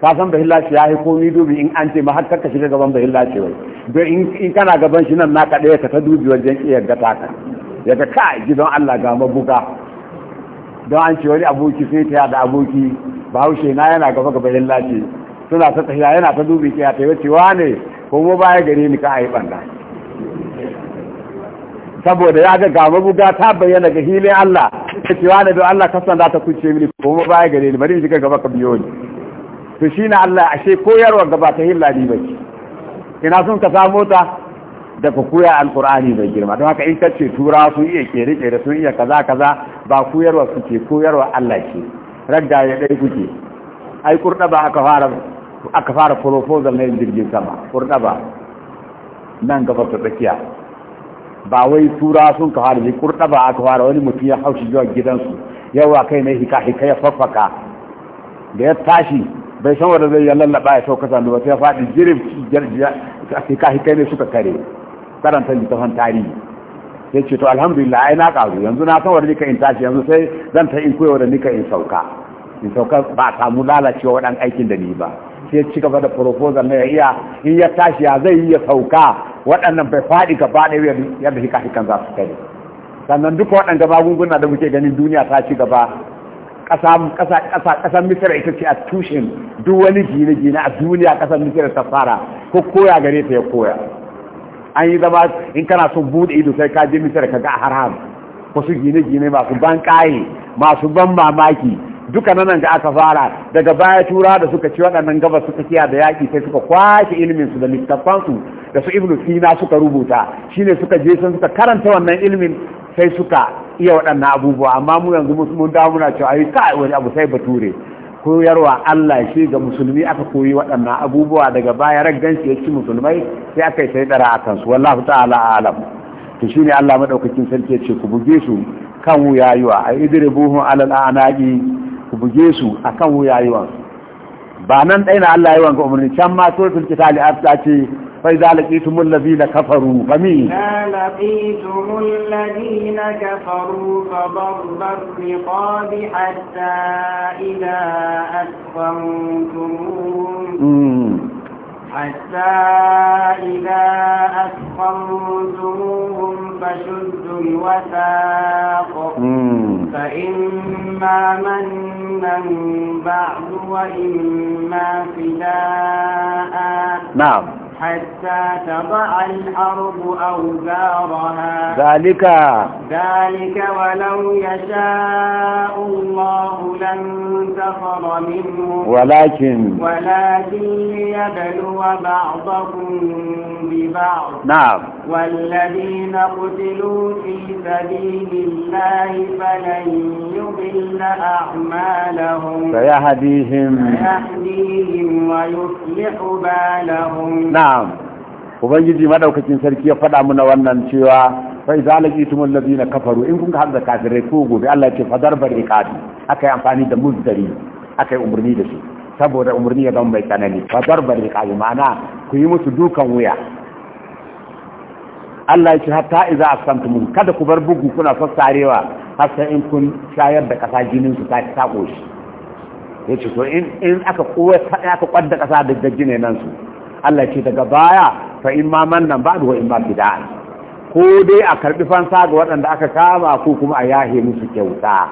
ka san bahillaci ya yi komi dubi in an ce ma har ka shiga gaban bahillaci wai don in kana gaban shi nan naka ɗaya ka ta dubi wajen iya ga taka ya ga ka gidan Allah ga mabuga don an ce wani aboki sai ta da aboki bahaushe na yana gaba ga bahillaci suna ta tafiya yana ta dubi ƙiyar ta yi wace wane ko mu baya gare ni ka a yi ɓanda saboda ya ga ga mabuga ta bayyana ga hilin Allah ta ce wane don Allah kasan za ta kuce mini ko mu baya gare ni bari in shiga gaba ka biyo ni to shi na Allah ashe koyarwa gaba ta ladi ba ce ina sun ka samo ta daga koya alkur'ani mai girma don haka in ka ce tura sun iya kere kere sun iya kaza kaza ba koyarwa ce koyarwa Allah ce ragga ya dai kuke ai kurda ba aka fara aka fara proposal na jirgin sama kurda ba nan gaba ta tsakiya ba wai tura sun ka fara ji kurda ba aka fara wani mutum ya haushi zuwa gidansu yawa kai na hika hika ya faffaka da ya tashi bai san wanda zai ya lallaba ya sauka zanduwa ta faɗi jirin jirjiya sai ka ne suka kare karanta littafin tarihi sai ce to alhamdulillah ai na ƙaru yanzu na san wanda nika in tashi yanzu sai zan ta in koyo da nika in sauka in sauka ba a samu lalacewa wadan aikin da ni ba sai ci gaba da proposal na ya iya in ya tashi ya zai iya sauka waɗannan bai faɗi gaba ɗaya yadda hika hikan za su kare sannan duka waɗanda magunguna da muke ganin duniya ta ci gaba kasar ƙasar misira ita ce a tushen duk wani gine-gine a duniya ƙasar misira ta fara ko koya gare ta ya koya an yi zama in kana son buɗe ido sai ka je misira ka ga haram wasu gine-gine masu ban ƙaye masu ban mamaki duka nan ga aka fara daga baya tura da suka ci waɗannan gabas suka kiya da yaƙi sai suka kwashe ilimin su da littafansu da su ibnu sina suka rubuta shine suka je sun suka karanta wannan ilimin sai suka iya waɗannan abubuwa amma mu yanzu mun dawo muna cewa ai kai wani abu sai bature koyarwa Allah shi ga musulmi aka koyi waɗannan abubuwa daga baya ragganci ya ci musulmai sai aka yi sai dara a kansu wallahu ta'ala alam to shine Allah madaukakin sarki ya ce ku buge su kan wuyayuwa a idribuhum alal al'anaqi ku buge su akan wuyayuwan ba nan ɗaya na Allah yawan wanga umarni can ma suratul kitali ta ce فإذا لقيتم الذين كفروا فمين إذا لقيتم الذين كفروا فضرب الرقاب حتى إذا أسخنتموهم حتى إذا أسخنتموهم فشدوا الوثاق فإما منا بعد وإما فداء نعم حتى تضع الأرض أوزارها ذلك ذلك ولو يشاء الله تخر منه ولكن ولكن ليبلو بعضكم ببعض نعم والذين قتلوا في سبيل الله فلن يضل أعمالهم فيهديهم فيهديهم ويصلح بالهم نعم na'am ubangiji madaukakin sarki ya faɗa muna wannan cewa fa idza laqitum ladina kafaru in kun hadda kafirai ko gobe Allah ya ce darbar iqabi akai amfani da muzdari akai umurni da shi saboda umurni ya zama mai tsanani darbar iqabi ma'ana ku yi musu dukan wuya Allah ya ce hatta idza asantum kada ku bar bugu kuna sassarewa har sai in kun shayar da kasa jinin su ta ta koshi yace to in in aka kowa aka kwadda kasa da jinin nan su Allah ce daga baya fa in ma mannan ba, wa in ma bid'an ko dai a karbi fansa ga waɗanda aka kama ko kuma a yahe musu kyauta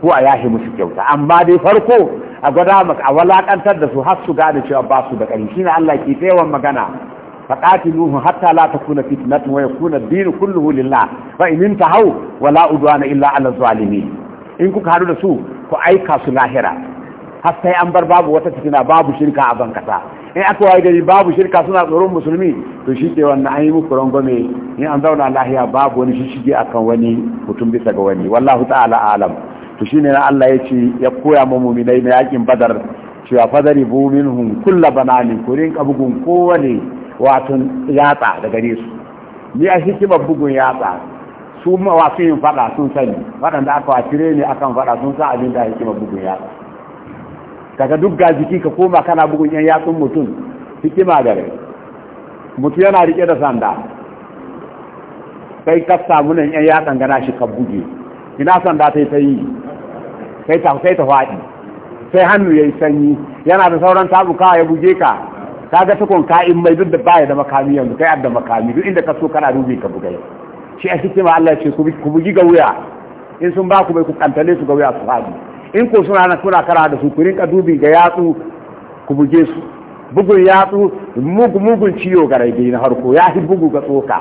ko a yahe musu kyauta amma dai farko a gwada maka a walakantar da su har su gane cewa ba su da ƙari shine Allah ke tsayawan magana hatta فقاتلوه حتى لا kulluhu lillah fa in intahu wala udwana illa 'ala zalimin in kuka hadu da su ku aika su lahira har sai an bar babu wata fitina babu shirka a kasa in aka waye gari babu shirka suna tsoron musulmi to shi ke wannan an yi muku rangwame in an zauna lahiya babu wani shishige akan wani mutum bisa ga wani wallahu ta'ala alam to ne na Allah ya ce ya koya ma mu'minai na yakin badar cewa fadari bu minhum kullu bananin ku rinka bugun kowane watan yatsa da gare su ni a hikimar bugun yatsa su ma wasu yin fada sun sani waɗanda aka wacire ne akan fada sun sa abin da hikima bugun yatsa. kaga duk ga jiki ka koma kana bugun yan yatsun mutum hikima gare mutum yana rike da sanda kai ka samu nan yan yatsan gana shi ka buge ina sanda ta yi ta yi sai ta sai ta faɗi sai hannu yayi sanyi yana da sauran tabuka ya buge ka ka ga tukun ka'in mai duk da baya da makami yanzu kai adda makami duk inda ka so kana dubi ka buge shi a hikima Allah ya ce ku bugi ga wuya in sun ba ku bai ku kantale su ga wuya su faɗi in ko suna nan kuna kara da su ku dubi ga yatsu ku buge su bugun yatsu mugu mugun ciyo garai dai na harko ya fi bugu ga tsoka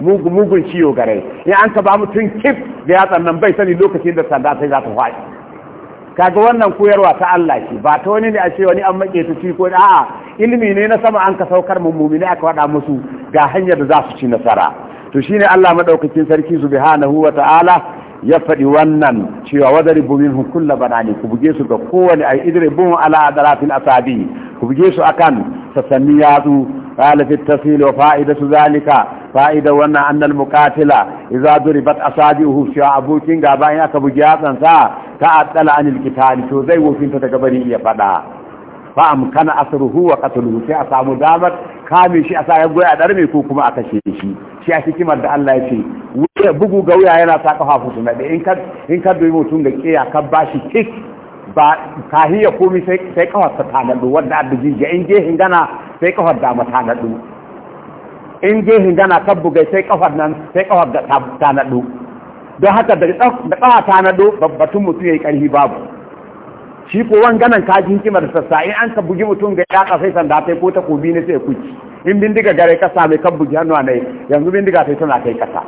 mugu mugun ciyo garai in an ka mutum kif da yatsan nan bai sani lokacin da sanda sai za ta faɗi kaga wannan koyarwa ta Allah ce ba ta wani ne a ce wani an make su ci ko a'a ilimi ne na sama an ka saukar mu, mummuni aka faɗa musu ga hanyar da za su ci nasara to shine Allah madaukakin sarki subhanahu wa ta'ala ya faɗi wannan cewa wadari bumin hukulla banani ku buge su ga kowane ai idire bun ala adarafin asabi ku buge su akan sassanni yatsu alifin tasiri wa fa'ida su zalika fa'ida wannan annal mukatila iza duribat asabihu cewa abokin gaba in aka buge yatsansa ta addala anil kitali to zai wofinta daga bari iya faɗa fa amkana asruhu wa qatluhu sai a samu damar kame shi a sa ya goya a darme ko kuma a kashe shi shi a hikimar da Allah ya ce wuya bugu ga wuya yana sa kafa su na da in ka doyi mutum da kiya ka bashi kik ba kahiya komai sai sai kafa ta tanadu wanda abu jirgin in je hingana sai kafa da ma tanadu in je hingana ka bugai sai kafa nan sai kafa da tanadu don haka da kafa tanadu babbatun mutum yi karhi babu shi ko wanganan kajin kimar sassa in an ka bugi mutum ga ya kasai sanda sai ko ta kobi ne sai kuci in bindiga gare kasa mai kan bugi hannu ne yanzu bindiga sai tana kai kasa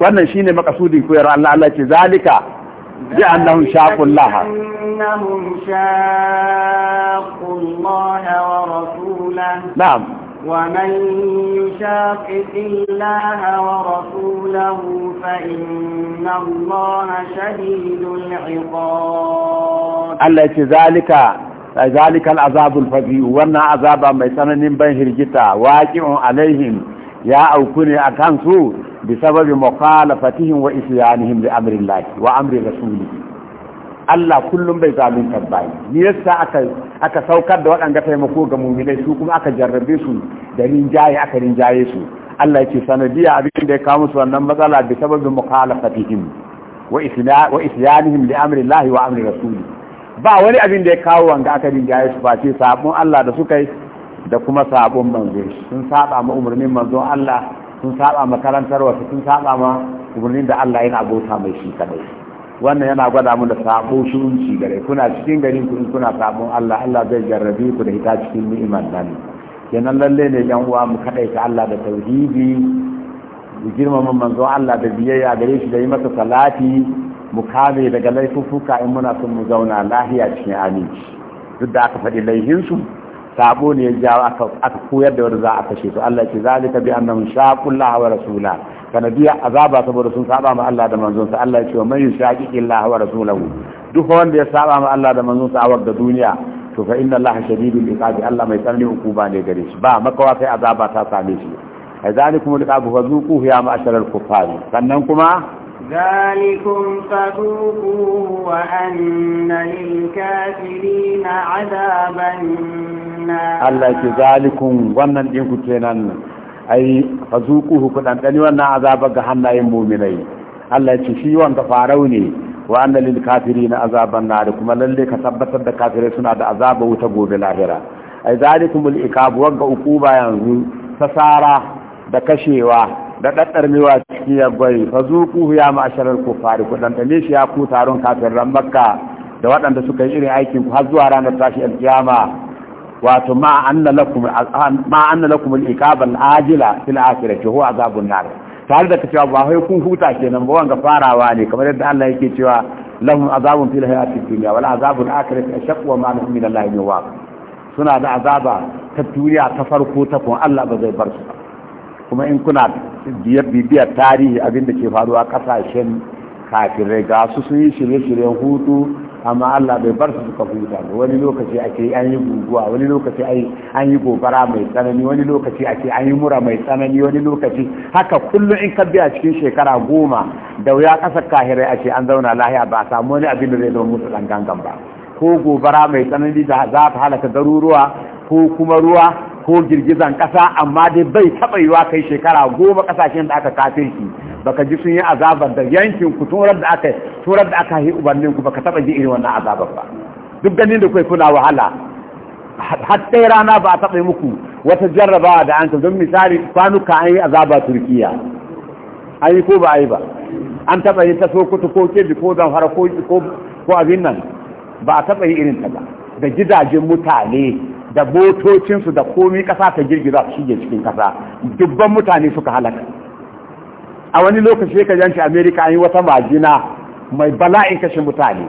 wannan shine makasudin koyar Allah Allah ce zalika bi annahum shaqullaha annahum shaqullaha wa rasulahu ومن يشاقق الله ورسوله فإن الله شديد العقاب التي ذلك ذلك العذاب الفقي وانا عذابا ميسانن بين هرجتا واقع عليهم يا أوكني أكانسو بسبب مخالفتهم وإسيانهم لأمر الله وأمر رسوله Allah kullum bai zalunta ba ni yasa aka aka saukar da waɗanda taimako ga mu'minai su kuma aka jarrabe su da rinjaye aka rinjaye su Allah yake sanadiya abin da ya kawo musu wannan matsala bi sababin mukhalafatihim wa isla wa isyanihim li amri Allah wa amri rasuli ba wani abin da ya kawo wanda aka rinjaye su ba ce sabon Allah da suka yi da kuma sabon manzo sun saba ma umarnin manzo Allah sun saba ma karantarwa sun saba ma umarnin da Allah yana abota mai shi kadai wannan yana gwada mu da sabo shirunci gare kuna cikin garin ku in kuna sabon Allah Allah zai jarrabe ku da ita cikin ni'imar nan kenan lalle ne yan uwa mu kadaita Allah da tauhidi mu girmama manzo Allah da biyayya gare shi da yi masa salati mu kame daga laifuffuka in muna son mu zauna lahiya cikin aminci duk da aka faɗi laihinsu sabo ne ya jawo aka koyar da wanda za a kashe su Allah ya ce zalika bi annahum sha wa rasulahu sanadiyar azaba saboda sun saba ma Allah da manzonsa Allah ya ce wa man yushaqiqi Allah wa rasulahu duk wanda ya saba ma Allah da manzonsa a da duniya to fa inna Allah shadidul iqabi Allah mai tsanani hukuma ne gare shi ba makawa sai azaba ta same shi azalikum liqabu wa zuquhu ya ma'asharal kuffari sannan kuma ذلكم فذوقوه وأن للكافرين عذاب النار الله wannan ظنا إن كنت ai fazuquhu ku dan dani wannan azaba ga hannayen mu'minai Allah ya ce shi wanda farau ne wa anna lil kafirina azaban nar kuma lalle ka tabbatar da kafirai suna da azaba wuta gobe lahira ai zalikumul ikab ga ukuba yanzu sasara da kashewa da daddarmewa cikin Fa fazuquhu ya ma'asharal kufari ku dan dane shi ya ku taron kafirran makka da waɗanda suka yi irin aikin ku har zuwa ranar tashi alkiyama wato ma anna lakum ma ajila fil akhirati huwa azabun nar tare da cewa ba sai kun huta kenan ba wanga farawa ne kamar yadda Allah yake cewa lahum azabun fil hayati dunya wal azabul akhirati ashaq wa ma lahum min Allah min waq suna da azaba ta duniya ta farko ta kun Allah ba zai bar su kuma in kuna bibiyar tarihi abinda ke faruwa kasashen kafirai ga su shirye-shiryen hutu amma Allah bai bar su suka huta ba wani lokaci ake an yi guguwa wani lokaci an yi gobara mai tsanani wani lokaci ake an yi mura mai tsanani wani lokaci haka kullum in ka biya cikin shekara goma da wuya kasar kahirai a ce an zauna lahiya ba a samu wani abin da zai zama musu gangan ba ko gobara mai tsanani da za ta halaka daruruwa ko kuma ruwa ko girgizan ƙasa amma dai bai taɓa yiwa kai shekara goma ƙasashen da aka kafin shi baka ji sun yi azabar da yankin ku turar da aka turar da aka yi ubannin ku baka taba ji irin wannan azabar ba duk ganin da kai kuna wahala har sai rana ba a taba muku wata jarraba da an don misali kwanuka an yi azaba turkiya an yi ko ba a yi ba an taba yi ta ko kebi ko zamfara ko abin nan ba a taba yi irin ta ba da gidajen mutane da botocinsu da komi kasa ta girgiza su shige cikin kasa dubban mutane suka halaka a wani lokaci ka janci amerika an yi wata majina mai bala'in kashe mutane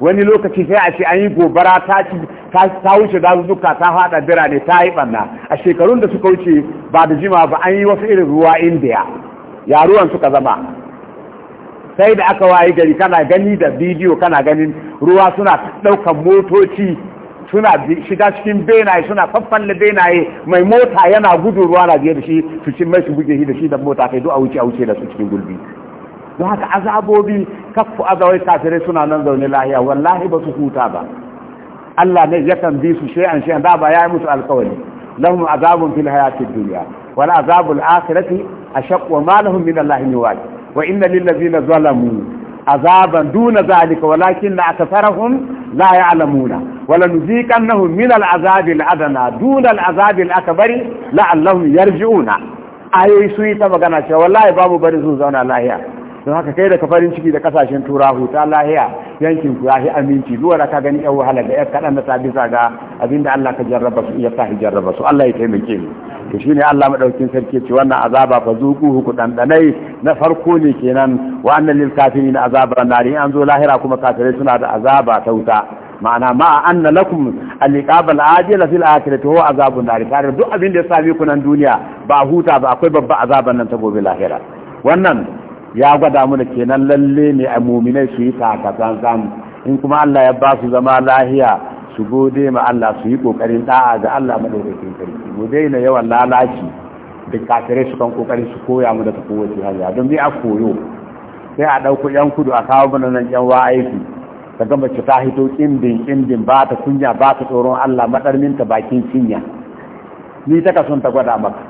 wani lokaci sai a ce an yi gobara ta wuce dazuzzuka ta haɗa birane ta yi banna a shekarun da suka wuce ba da jima ba an yi wasu irin ruwa indiya ya ruwan suka zama sai da aka wayi gari kana gani da bidiyo kana ganin ruwa suna ɗaukan motoci suna shiga cikin benaye suna faffalle benaye mai mota yana gudu ruwa na da shi su cin mai su buge shi da shi da mota kai duk a wuce a wuce da su cikin gulbi don haka azabobi kafu azawai kafirai suna nan zaune lahiya wallahi ba su huta ba Allah ne yakan bi su shay'an shay'an da ba yayi musu alƙawari lahum azabun fil hayatid dunya wal azabul akhirati ashaqqu ma lahum min Allah min wa inna lil ladzina zalamu azaban duna zalika walakin na akasarahum la ya'lamuna wala nuziqannahum min al'azabil adana duna al'azabil akbari la'allahum yarji'una ayoyi su yi ta magana cewa wallahi babu bari su zauna lahiya don haka kai da kafarin farin ciki da kasashen turahu, ta lahiya yankin ku yahi aminci duwa da ka gani yan wahala da yan kaɗan da ta bisa ga abinda Allah ka jarraba su iya sa jarraba su Allah ya taimake mu to shi ne Allah maɗaukin sarki ce wannan azaba fa zuquhu ku dandanai na farko ne kenan wa annal lil kafirin azaba nari an zo lahira kuma kafirai suna da azaba ta wuta ma'ana ma anna lakum aliqabal ajila fil akhirati huwa azabun nari kare duk abin da ya sami ku nan duniya ba huta ba akwai babba azaban nan ta gobe lahira wannan ya gwada mana kenan lalle ne a mu'minai su yi takatsantsan in kuma Allah ya ba su zama lahiya su gode ma Allah su yi kokarin da'a ga Allah madaukakin sarki mu daina yawan lalaci da kafirai su kan kokarin su koya mu da kowace hanya don bi a koyo sai a dauko yan kudu a kawo mana nan yan aiki ka gama ci ta hito kindin ba ta kunya ba ta tsoron Allah madarmin ta bakin cinya ni ta sun ta gwada maka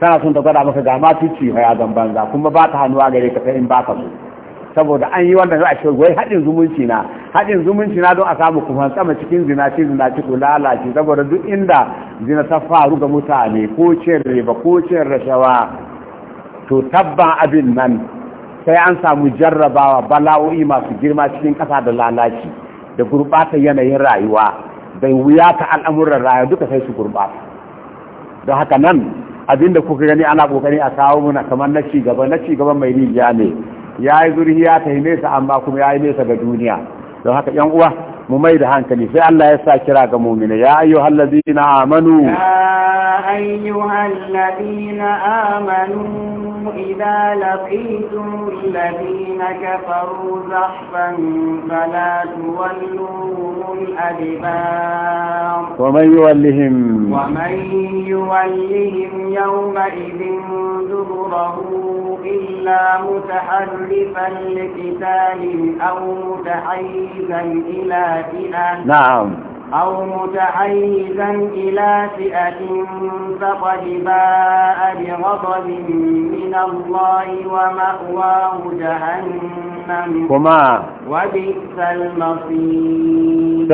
tana sun ta gwada maka ga ma ci haya zan banza kuma ba ta hannuwa gare ka sai in ba ka so saboda an yi wannan za a ce wai haɗin zumunci na haɗin zumunci na don a samu kuma sama cikin zina ce ku lalace saboda duk inda zina ta faru ga mutane ko ce riba ko ce rashawa to tabban abin nan sai an samu jarrabawa bala'o'i masu girma cikin ƙasa da lalaci da gurɓata yanayin rayuwa da wuya ta al'amuran rayuwa duka sai su gurɓata don haka nan da kuka gani ana kokari a kawo muna kamar na cigaba na gaba mai rijiya ne ya yi zurhi ya ta nesa amma kuma ya yi nesa ga duniya don haka yan uwa مميد هانك نفع الله يساكراك مؤمن يا أيها الذين آمنوا يا أيها الذين آمنوا إذا لقيتم الذين كفروا زحفا فلا تولوهم الأدبار ومن يولهم ومن يولهم يومئذ ذره إلا متحرفا لقتال أو متحيزا إلى فئة نعم أو متحيزا إلى فئة فقد باء بغضب من sai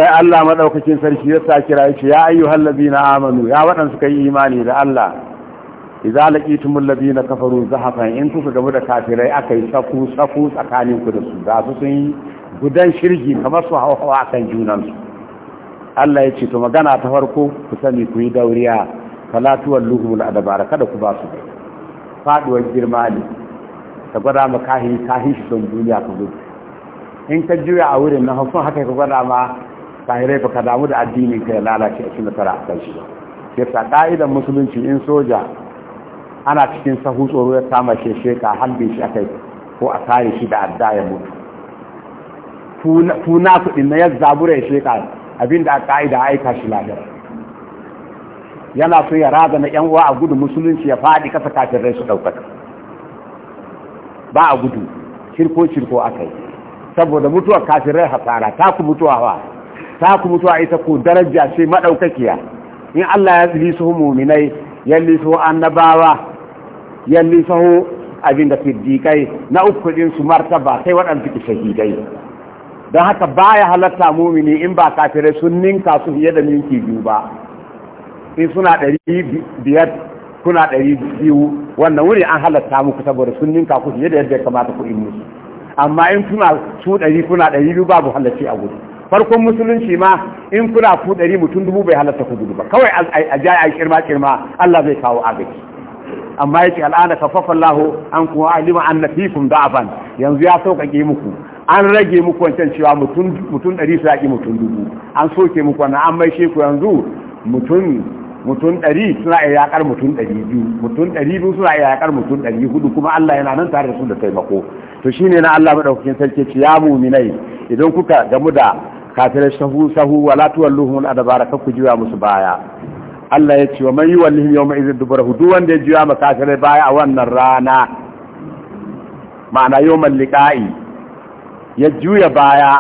Allah madaukakin sarki ya sa kira yace ya ayyuhal ladina amanu ya waɗansu suka yi imani da Allah idza na ladina kafaru zahafan in kuka gamu da kafirai akai saku saku tsakanin ku da su sun yi gudan shirgi kamar su hawa a kan su. Allah ya ce to magana ta farko ku sani ku yi dauriya falatuwar luhumul adabara kada ku ba su faduwar girma ne ka gwada ma kahin kahin shi don duniya ka gudu in ka juya a wurin na hukun haka ka gwada ma kahirai ba ka damu da addinin ka ya lalace a cikin tara a kan shi sai ta ka'idan musulunci in soja ana cikin sahu tsoro ya kama sheka halbe shi akai ko a kare shi da adda ya mutu funa su na ya zabura ya sheka abinda a ƙa'ida aika shi lahira yana so ya raza na 'yan uwa a gudu musulunci ya faɗi kasa kafin rai su ɗaukaka ba a gudu shirko-shirko aka yi saboda mutuwar kafin rai hasara ta ku mutuwa wa ta ku mutuwa ita ku daraja ce maɗaukakiya in Allah ya lisu muminai ya lisu annabawa ya lisu abinda fiddikai na uku su martaba sai waɗanda suke shahidai don haka ba ya halatta mumini in ba kafirai sun ninka su fiye da minti biyu ba in suna ɗari biyar kuna ɗari biyu wannan wuri an halatta muku saboda sun ninka ku fiye da yadda ya kamata ku in musu amma in kuna su ɗari kuna ɗari biyu babu halacci a wuri farkon musulunci ma in kuna ku ɗari mutum dubu bai halatta ku gudu ba kawai a ja a kirma kirma Allah zai kawo agaji amma yake al'ada kafafa Allah an kuma alima annafikum da'afan yanzu ya sauƙaƙe muku an rage muku wancan cewa mutum ɗari su ƙi mutum dubu an soke muku wannan an mai sheku yanzu mutum mutum ɗari suna iya yaƙar mutum ɗari biyu mutum ɗari biyu suna iya yaƙar mutum ɗari hudu kuma Allah yana nan tare da su da taimako to shine na Allah madaukakin sarki ce ya muminai idan kuka gamu da kafirai sahu sahu wala tuwalluhum adabara kan ku jiwa musu baya Allah ya ce wa man yi yuwallihim yawma idhin duburahu hudu wanda ya jiwa ma kafirai baya a wannan rana ma'ana yau mallika'i. ya juya baya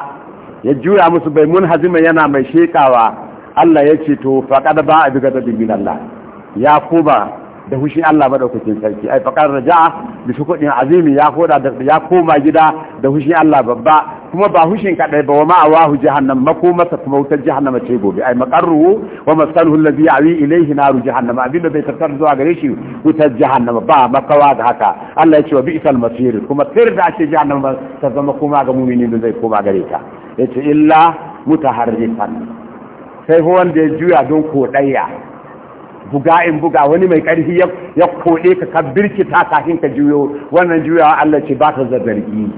ya juya musu bai mun hazima yana mai shekawa Allah ya ce to faqad ba'a bi gadabin min Allah ya kuma da hushin Allah madaukakin sarki ai faqar raja'a bi shukudin azimi ya koda ya koma gida da hushin Allah babba kuma ba hushin kadai ba wa ma'awahu jahannam ta kuma wutar jahannam ce gobe ai maqarru wa masalhu alladhi yawi ilayhi naru abin abinda bai tattar zuwa gare shi wutar jahannam ba makawa da haka Allah ya ce wa bi'sal masir kuma tsir da ce jahannam ta zama koma ga mumini da zai koma gare ta yace illa mutaharrifan sai wanda ya juya don kodayya buga in buga wani mai ƙarfi ya koɗe ka ka birkita kafin ka juyo wannan juyawa Allah ce ba ta zargi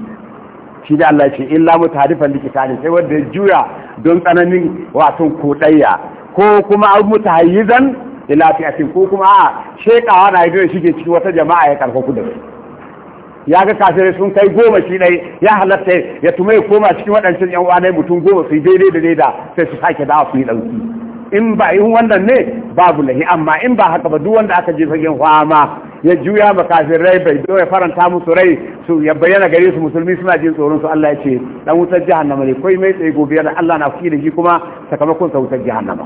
shi da Allah ce illa mu tarifan likita ne sai wanda ya juya don tsananin wasan koɗayya ko kuma an mutu hayyizan ila fi'atin ko kuma a shekawa na shi ke cikin wata jama'a ya karfafu da su ya ga kafirai sun kai goma shi ɗai ya halatta ya tuma ya koma cikin waɗancan yan uwa mutum goma su yi daidai da daida sai su sake dawa su yi ɗauki in ba in wannan ne babu lahi amma in ba haka ba duk wanda aka je fagen fama ya juya ma rai bai do ya faranta musu rai su ya bayyana gare su musulmi suna jin tsoron su Allah ya ce dan wutar jahannama ne koi mai tsaye gobe da Allah na fuki da shi kuma sakamakon sa wutar jahannama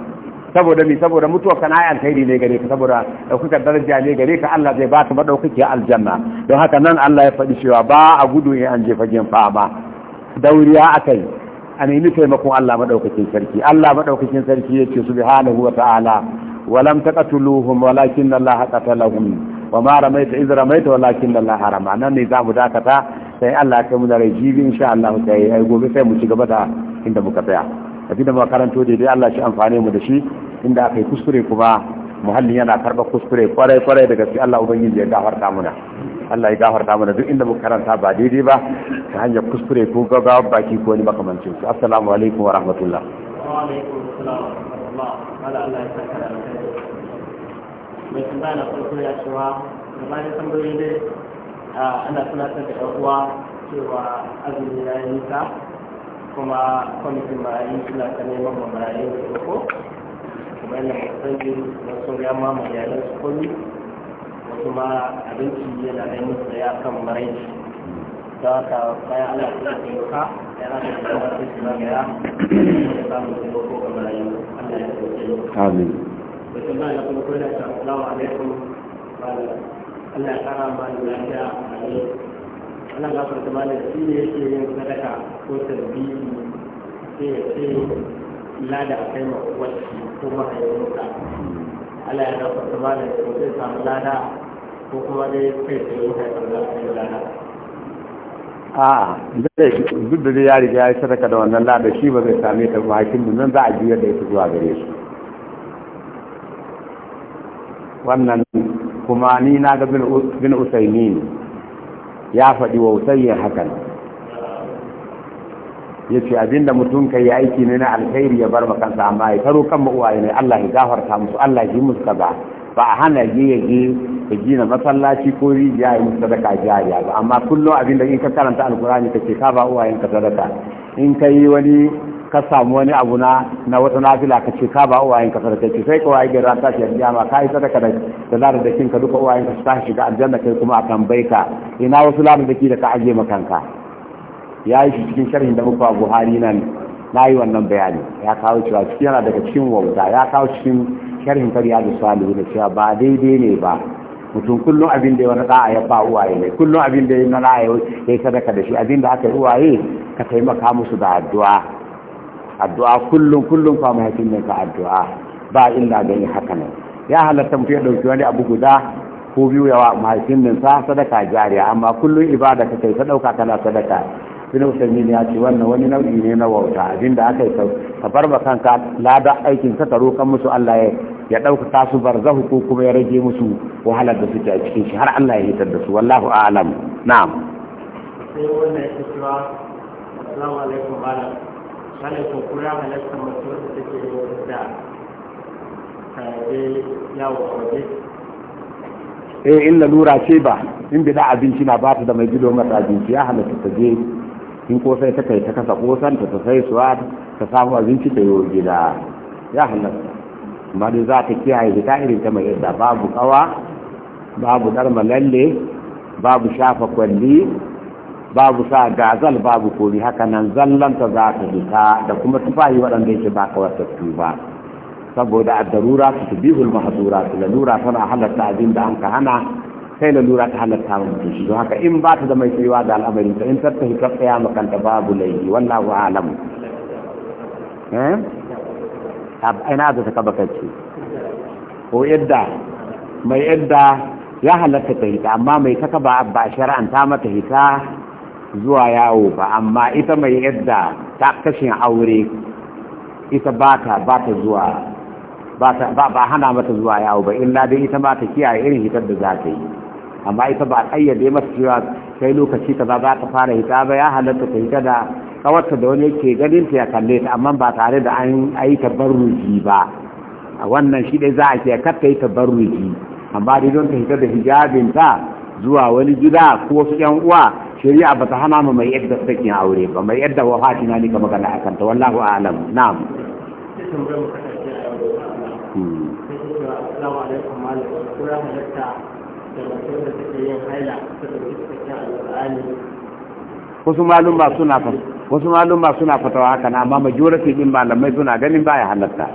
saboda mi saboda mutuwa kana ai kai ne gare ka saboda daukar daraja ne gare ka Allah zai baka a aljanna don haka nan Allah ya faɗi cewa ba a gudu in an je fagen fama dauriya akai a nemi taimakon Allah madaukakin sarki Allah madaukakin sarki yake subhanahu wa ta'ala walam taqatuluhum walakin Allah qatalahum wa ma ramaita iz ramaita walakin Allah harama nan ne zamu dakata sai Allah ya mu da jibi insha Allah sai ai gobe sai mu ci gaba da inda muka tsaya abinda makarantu karanto dai Allah shi amfane mu da shi inda akai kuskure kuma muhalli yana karba kuskure kwarai kwarai daga gaske Allah ubangiji ya gafarta muna Allah ya gafarta muna duk inda muka karanta ba daidai ba ta hanyar kuskure ko gaggawa baki ko wani makamancin su assalamu alaikum wa rahmatullah wa alaikum assalam wa rahmatullah Allah ya saka da mai tambaya na farko ya cewa bayan tambayoyi ne ana tunatar da ɗan uwa cewa azumi ya yi nisa kuma kwamitin marayu suna ta neman marayu da ko malam musamman wasu ya ma majalar su kullu wasu ma abinci yana da musu da ya kan marai ta haka bayan ana kuma taimaka ya rana da kuma sai su zagaya da yi taimako ga marayu allah ya taimake amin da kuma ya kuma kuma da salamu alaikum allah ya kara ma da lafiya a ne ana gafarta da shi ne yake yin sadaka ko tarbiyyar sai ya ce kula da akai ma wacce ko mahaifinsa Allah ya dauka ta da ko zai samu lada ko kuma dai kai sai ya kai da lada a duk da ya riga ya sadaka da wannan lada shi ba zai same ta ba mu nan za a juyar da ita zuwa gare su wannan kuma ni na ga bin usaini ya faɗi wa usayyin hakan ya ce abinda mutum ka yi aiki ne na alkhairi ya bar makansa amma ya taro kan uwaye ne Allah ya gafarta musu Allah ya musu kaza ba a hana ji ya je ya gina masallaci ko rijiya ya musu sadaka jariya ba amma kullum abinda in ka karanta alkurani ka ce ka ba uwayen ka sadaka in ka yi wani ka samu wani abu na na wata nafila ka ce ka ba uwayen ka sadaka ce sai ka wayi gari ran tashi alƙiyama ka yi sadaka da da da ka duka uwayen ka su tashi shiga aljanna kai kuma a tambayi ka ina wasu ladadaki da da ka aje kanka? ya yi shi cikin sharhin da muka buhari nan na yi wannan bayani ya kawo cewa cikin yana daga cikin wauta ya kawo cikin sharhin karya da salihu da cewa ba daidai ne ba mutum kullum abin da ya wani da'a ya ba uwaye ne kullum abin da ya na da'a ya yi sadaka da shi abin da aka yi uwaye ka taimaka musu da addu'a addu'a kullum kullum kwa mahaifin ne ka addu'a ba illa gani haka ne. ya halatta mutum ya ɗauki wani abu guda ko biyu yawa mahaifin nan sa sadaka jariya amma kullum ibada ka kai ta ɗauka kana sadaka ibn usaimin ya ce wannan wani nau'i ne na wauta abinda aka yi ka ba kanka lada aikin ka ta roƙan musu Allah ya ya ta su zahu ko kuma ya rage musu wahalar da suke a cikin shi har Allah ya hitar da su wallahu a'lam na'am sai wannan ya cewa assalamu alaikum malam sai ko kura halatta mutum da take da kaje waje eh in lura ce ba in bi da abinci na ba ta da mai gido mata abinci ya halatta ta je ko kosai ta kai ta kasa kosanta ta sai suwa ta samu abinci ta yi gida ya halatta amma za ta kiyaye hita irin ta mai yadda babu kawa babu darma lalle babu shafa kwalli babu sa gazal babu kori haka nan zallanta za ta hita da kuma tufayi waɗanda yake ba kawar tattu ba saboda a darura su tubihul mahadura su lalura tana halatta abin da an ka hana sai lura ta halatta ma mutum shi don haka in ba ta da mai tsayuwa da al'amari ta in tattahi ta tsaya makanta babu laifi wallahu a'lam eh ina da ta saka bakacce ko yadda mai yadda ya halatta ta hita amma mai saka ba ba shari'an ta mata hita zuwa yawo ba amma ita mai yadda ta kashin aure ita ba ta ba ta zuwa ba hana mata zuwa yawo ba illa dai ita ma ta kiyaye irin hitar da za ta yi amma ita ba a kayyade masu cewa sai lokaci ka za ta fara hita ba ya halatta ta hita da kawarta da wani ke ganin ta ya kalle ta amma ba tare da an yi ruji ba a wannan shi dai za a ce kar ta yi ruji amma dai don ta hita da hijabin ta zuwa wani gida ko wasu yan uwa shari'a ba ta hana ma mai yadda sakin aure ba mai yadda wafati na ne ka magana a kanta wallahu a'lam na'am wasu malum ba suna ɗauki cikakken malum wasu suna wasu malumma suna fatawa haka na amma majority din malamai suna ganin baya halatta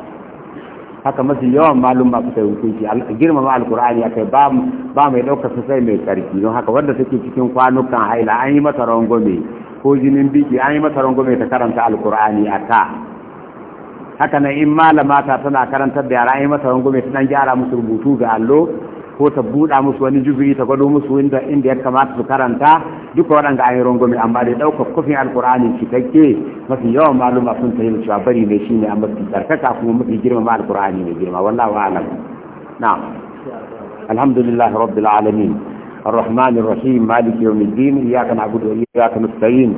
haka mafi yawan malum ba su yi hukunci girmama alkur'ani akai ba ba mai daukar su sai mai tsarki don haka wanda take cikin kwanukan haila an yi mata rangwame ko jinin biki an yi mata rangwame ta karanta alkur'ani a ta haka nan in malama ta tana karantar da yara an yi mata rangwame ta dan gyara musu rubutu ga allo ko ta buɗa musu wani juzuyi ta gwado musu inda inda ya kamata su karanta duka waɗanda an yi rungumi amma da ɗaukar kofin alkur'ani cikakke mafi yawan maluma sun ta yi cewa bari ne shine a mafi tsarkaka kuma mafi girmama alkur'ani mai girma wallahu alam na'am alhamdulillahi rabbil alamin الرحمن الرحيم مالك يوم الدين إياك نعبد وإياك نستعين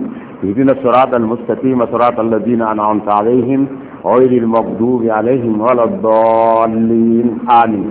اهدنا الصراط المستقيم صراط الذين أنعمت عليهم غير المغضوب عليهم ولا الضالين آمين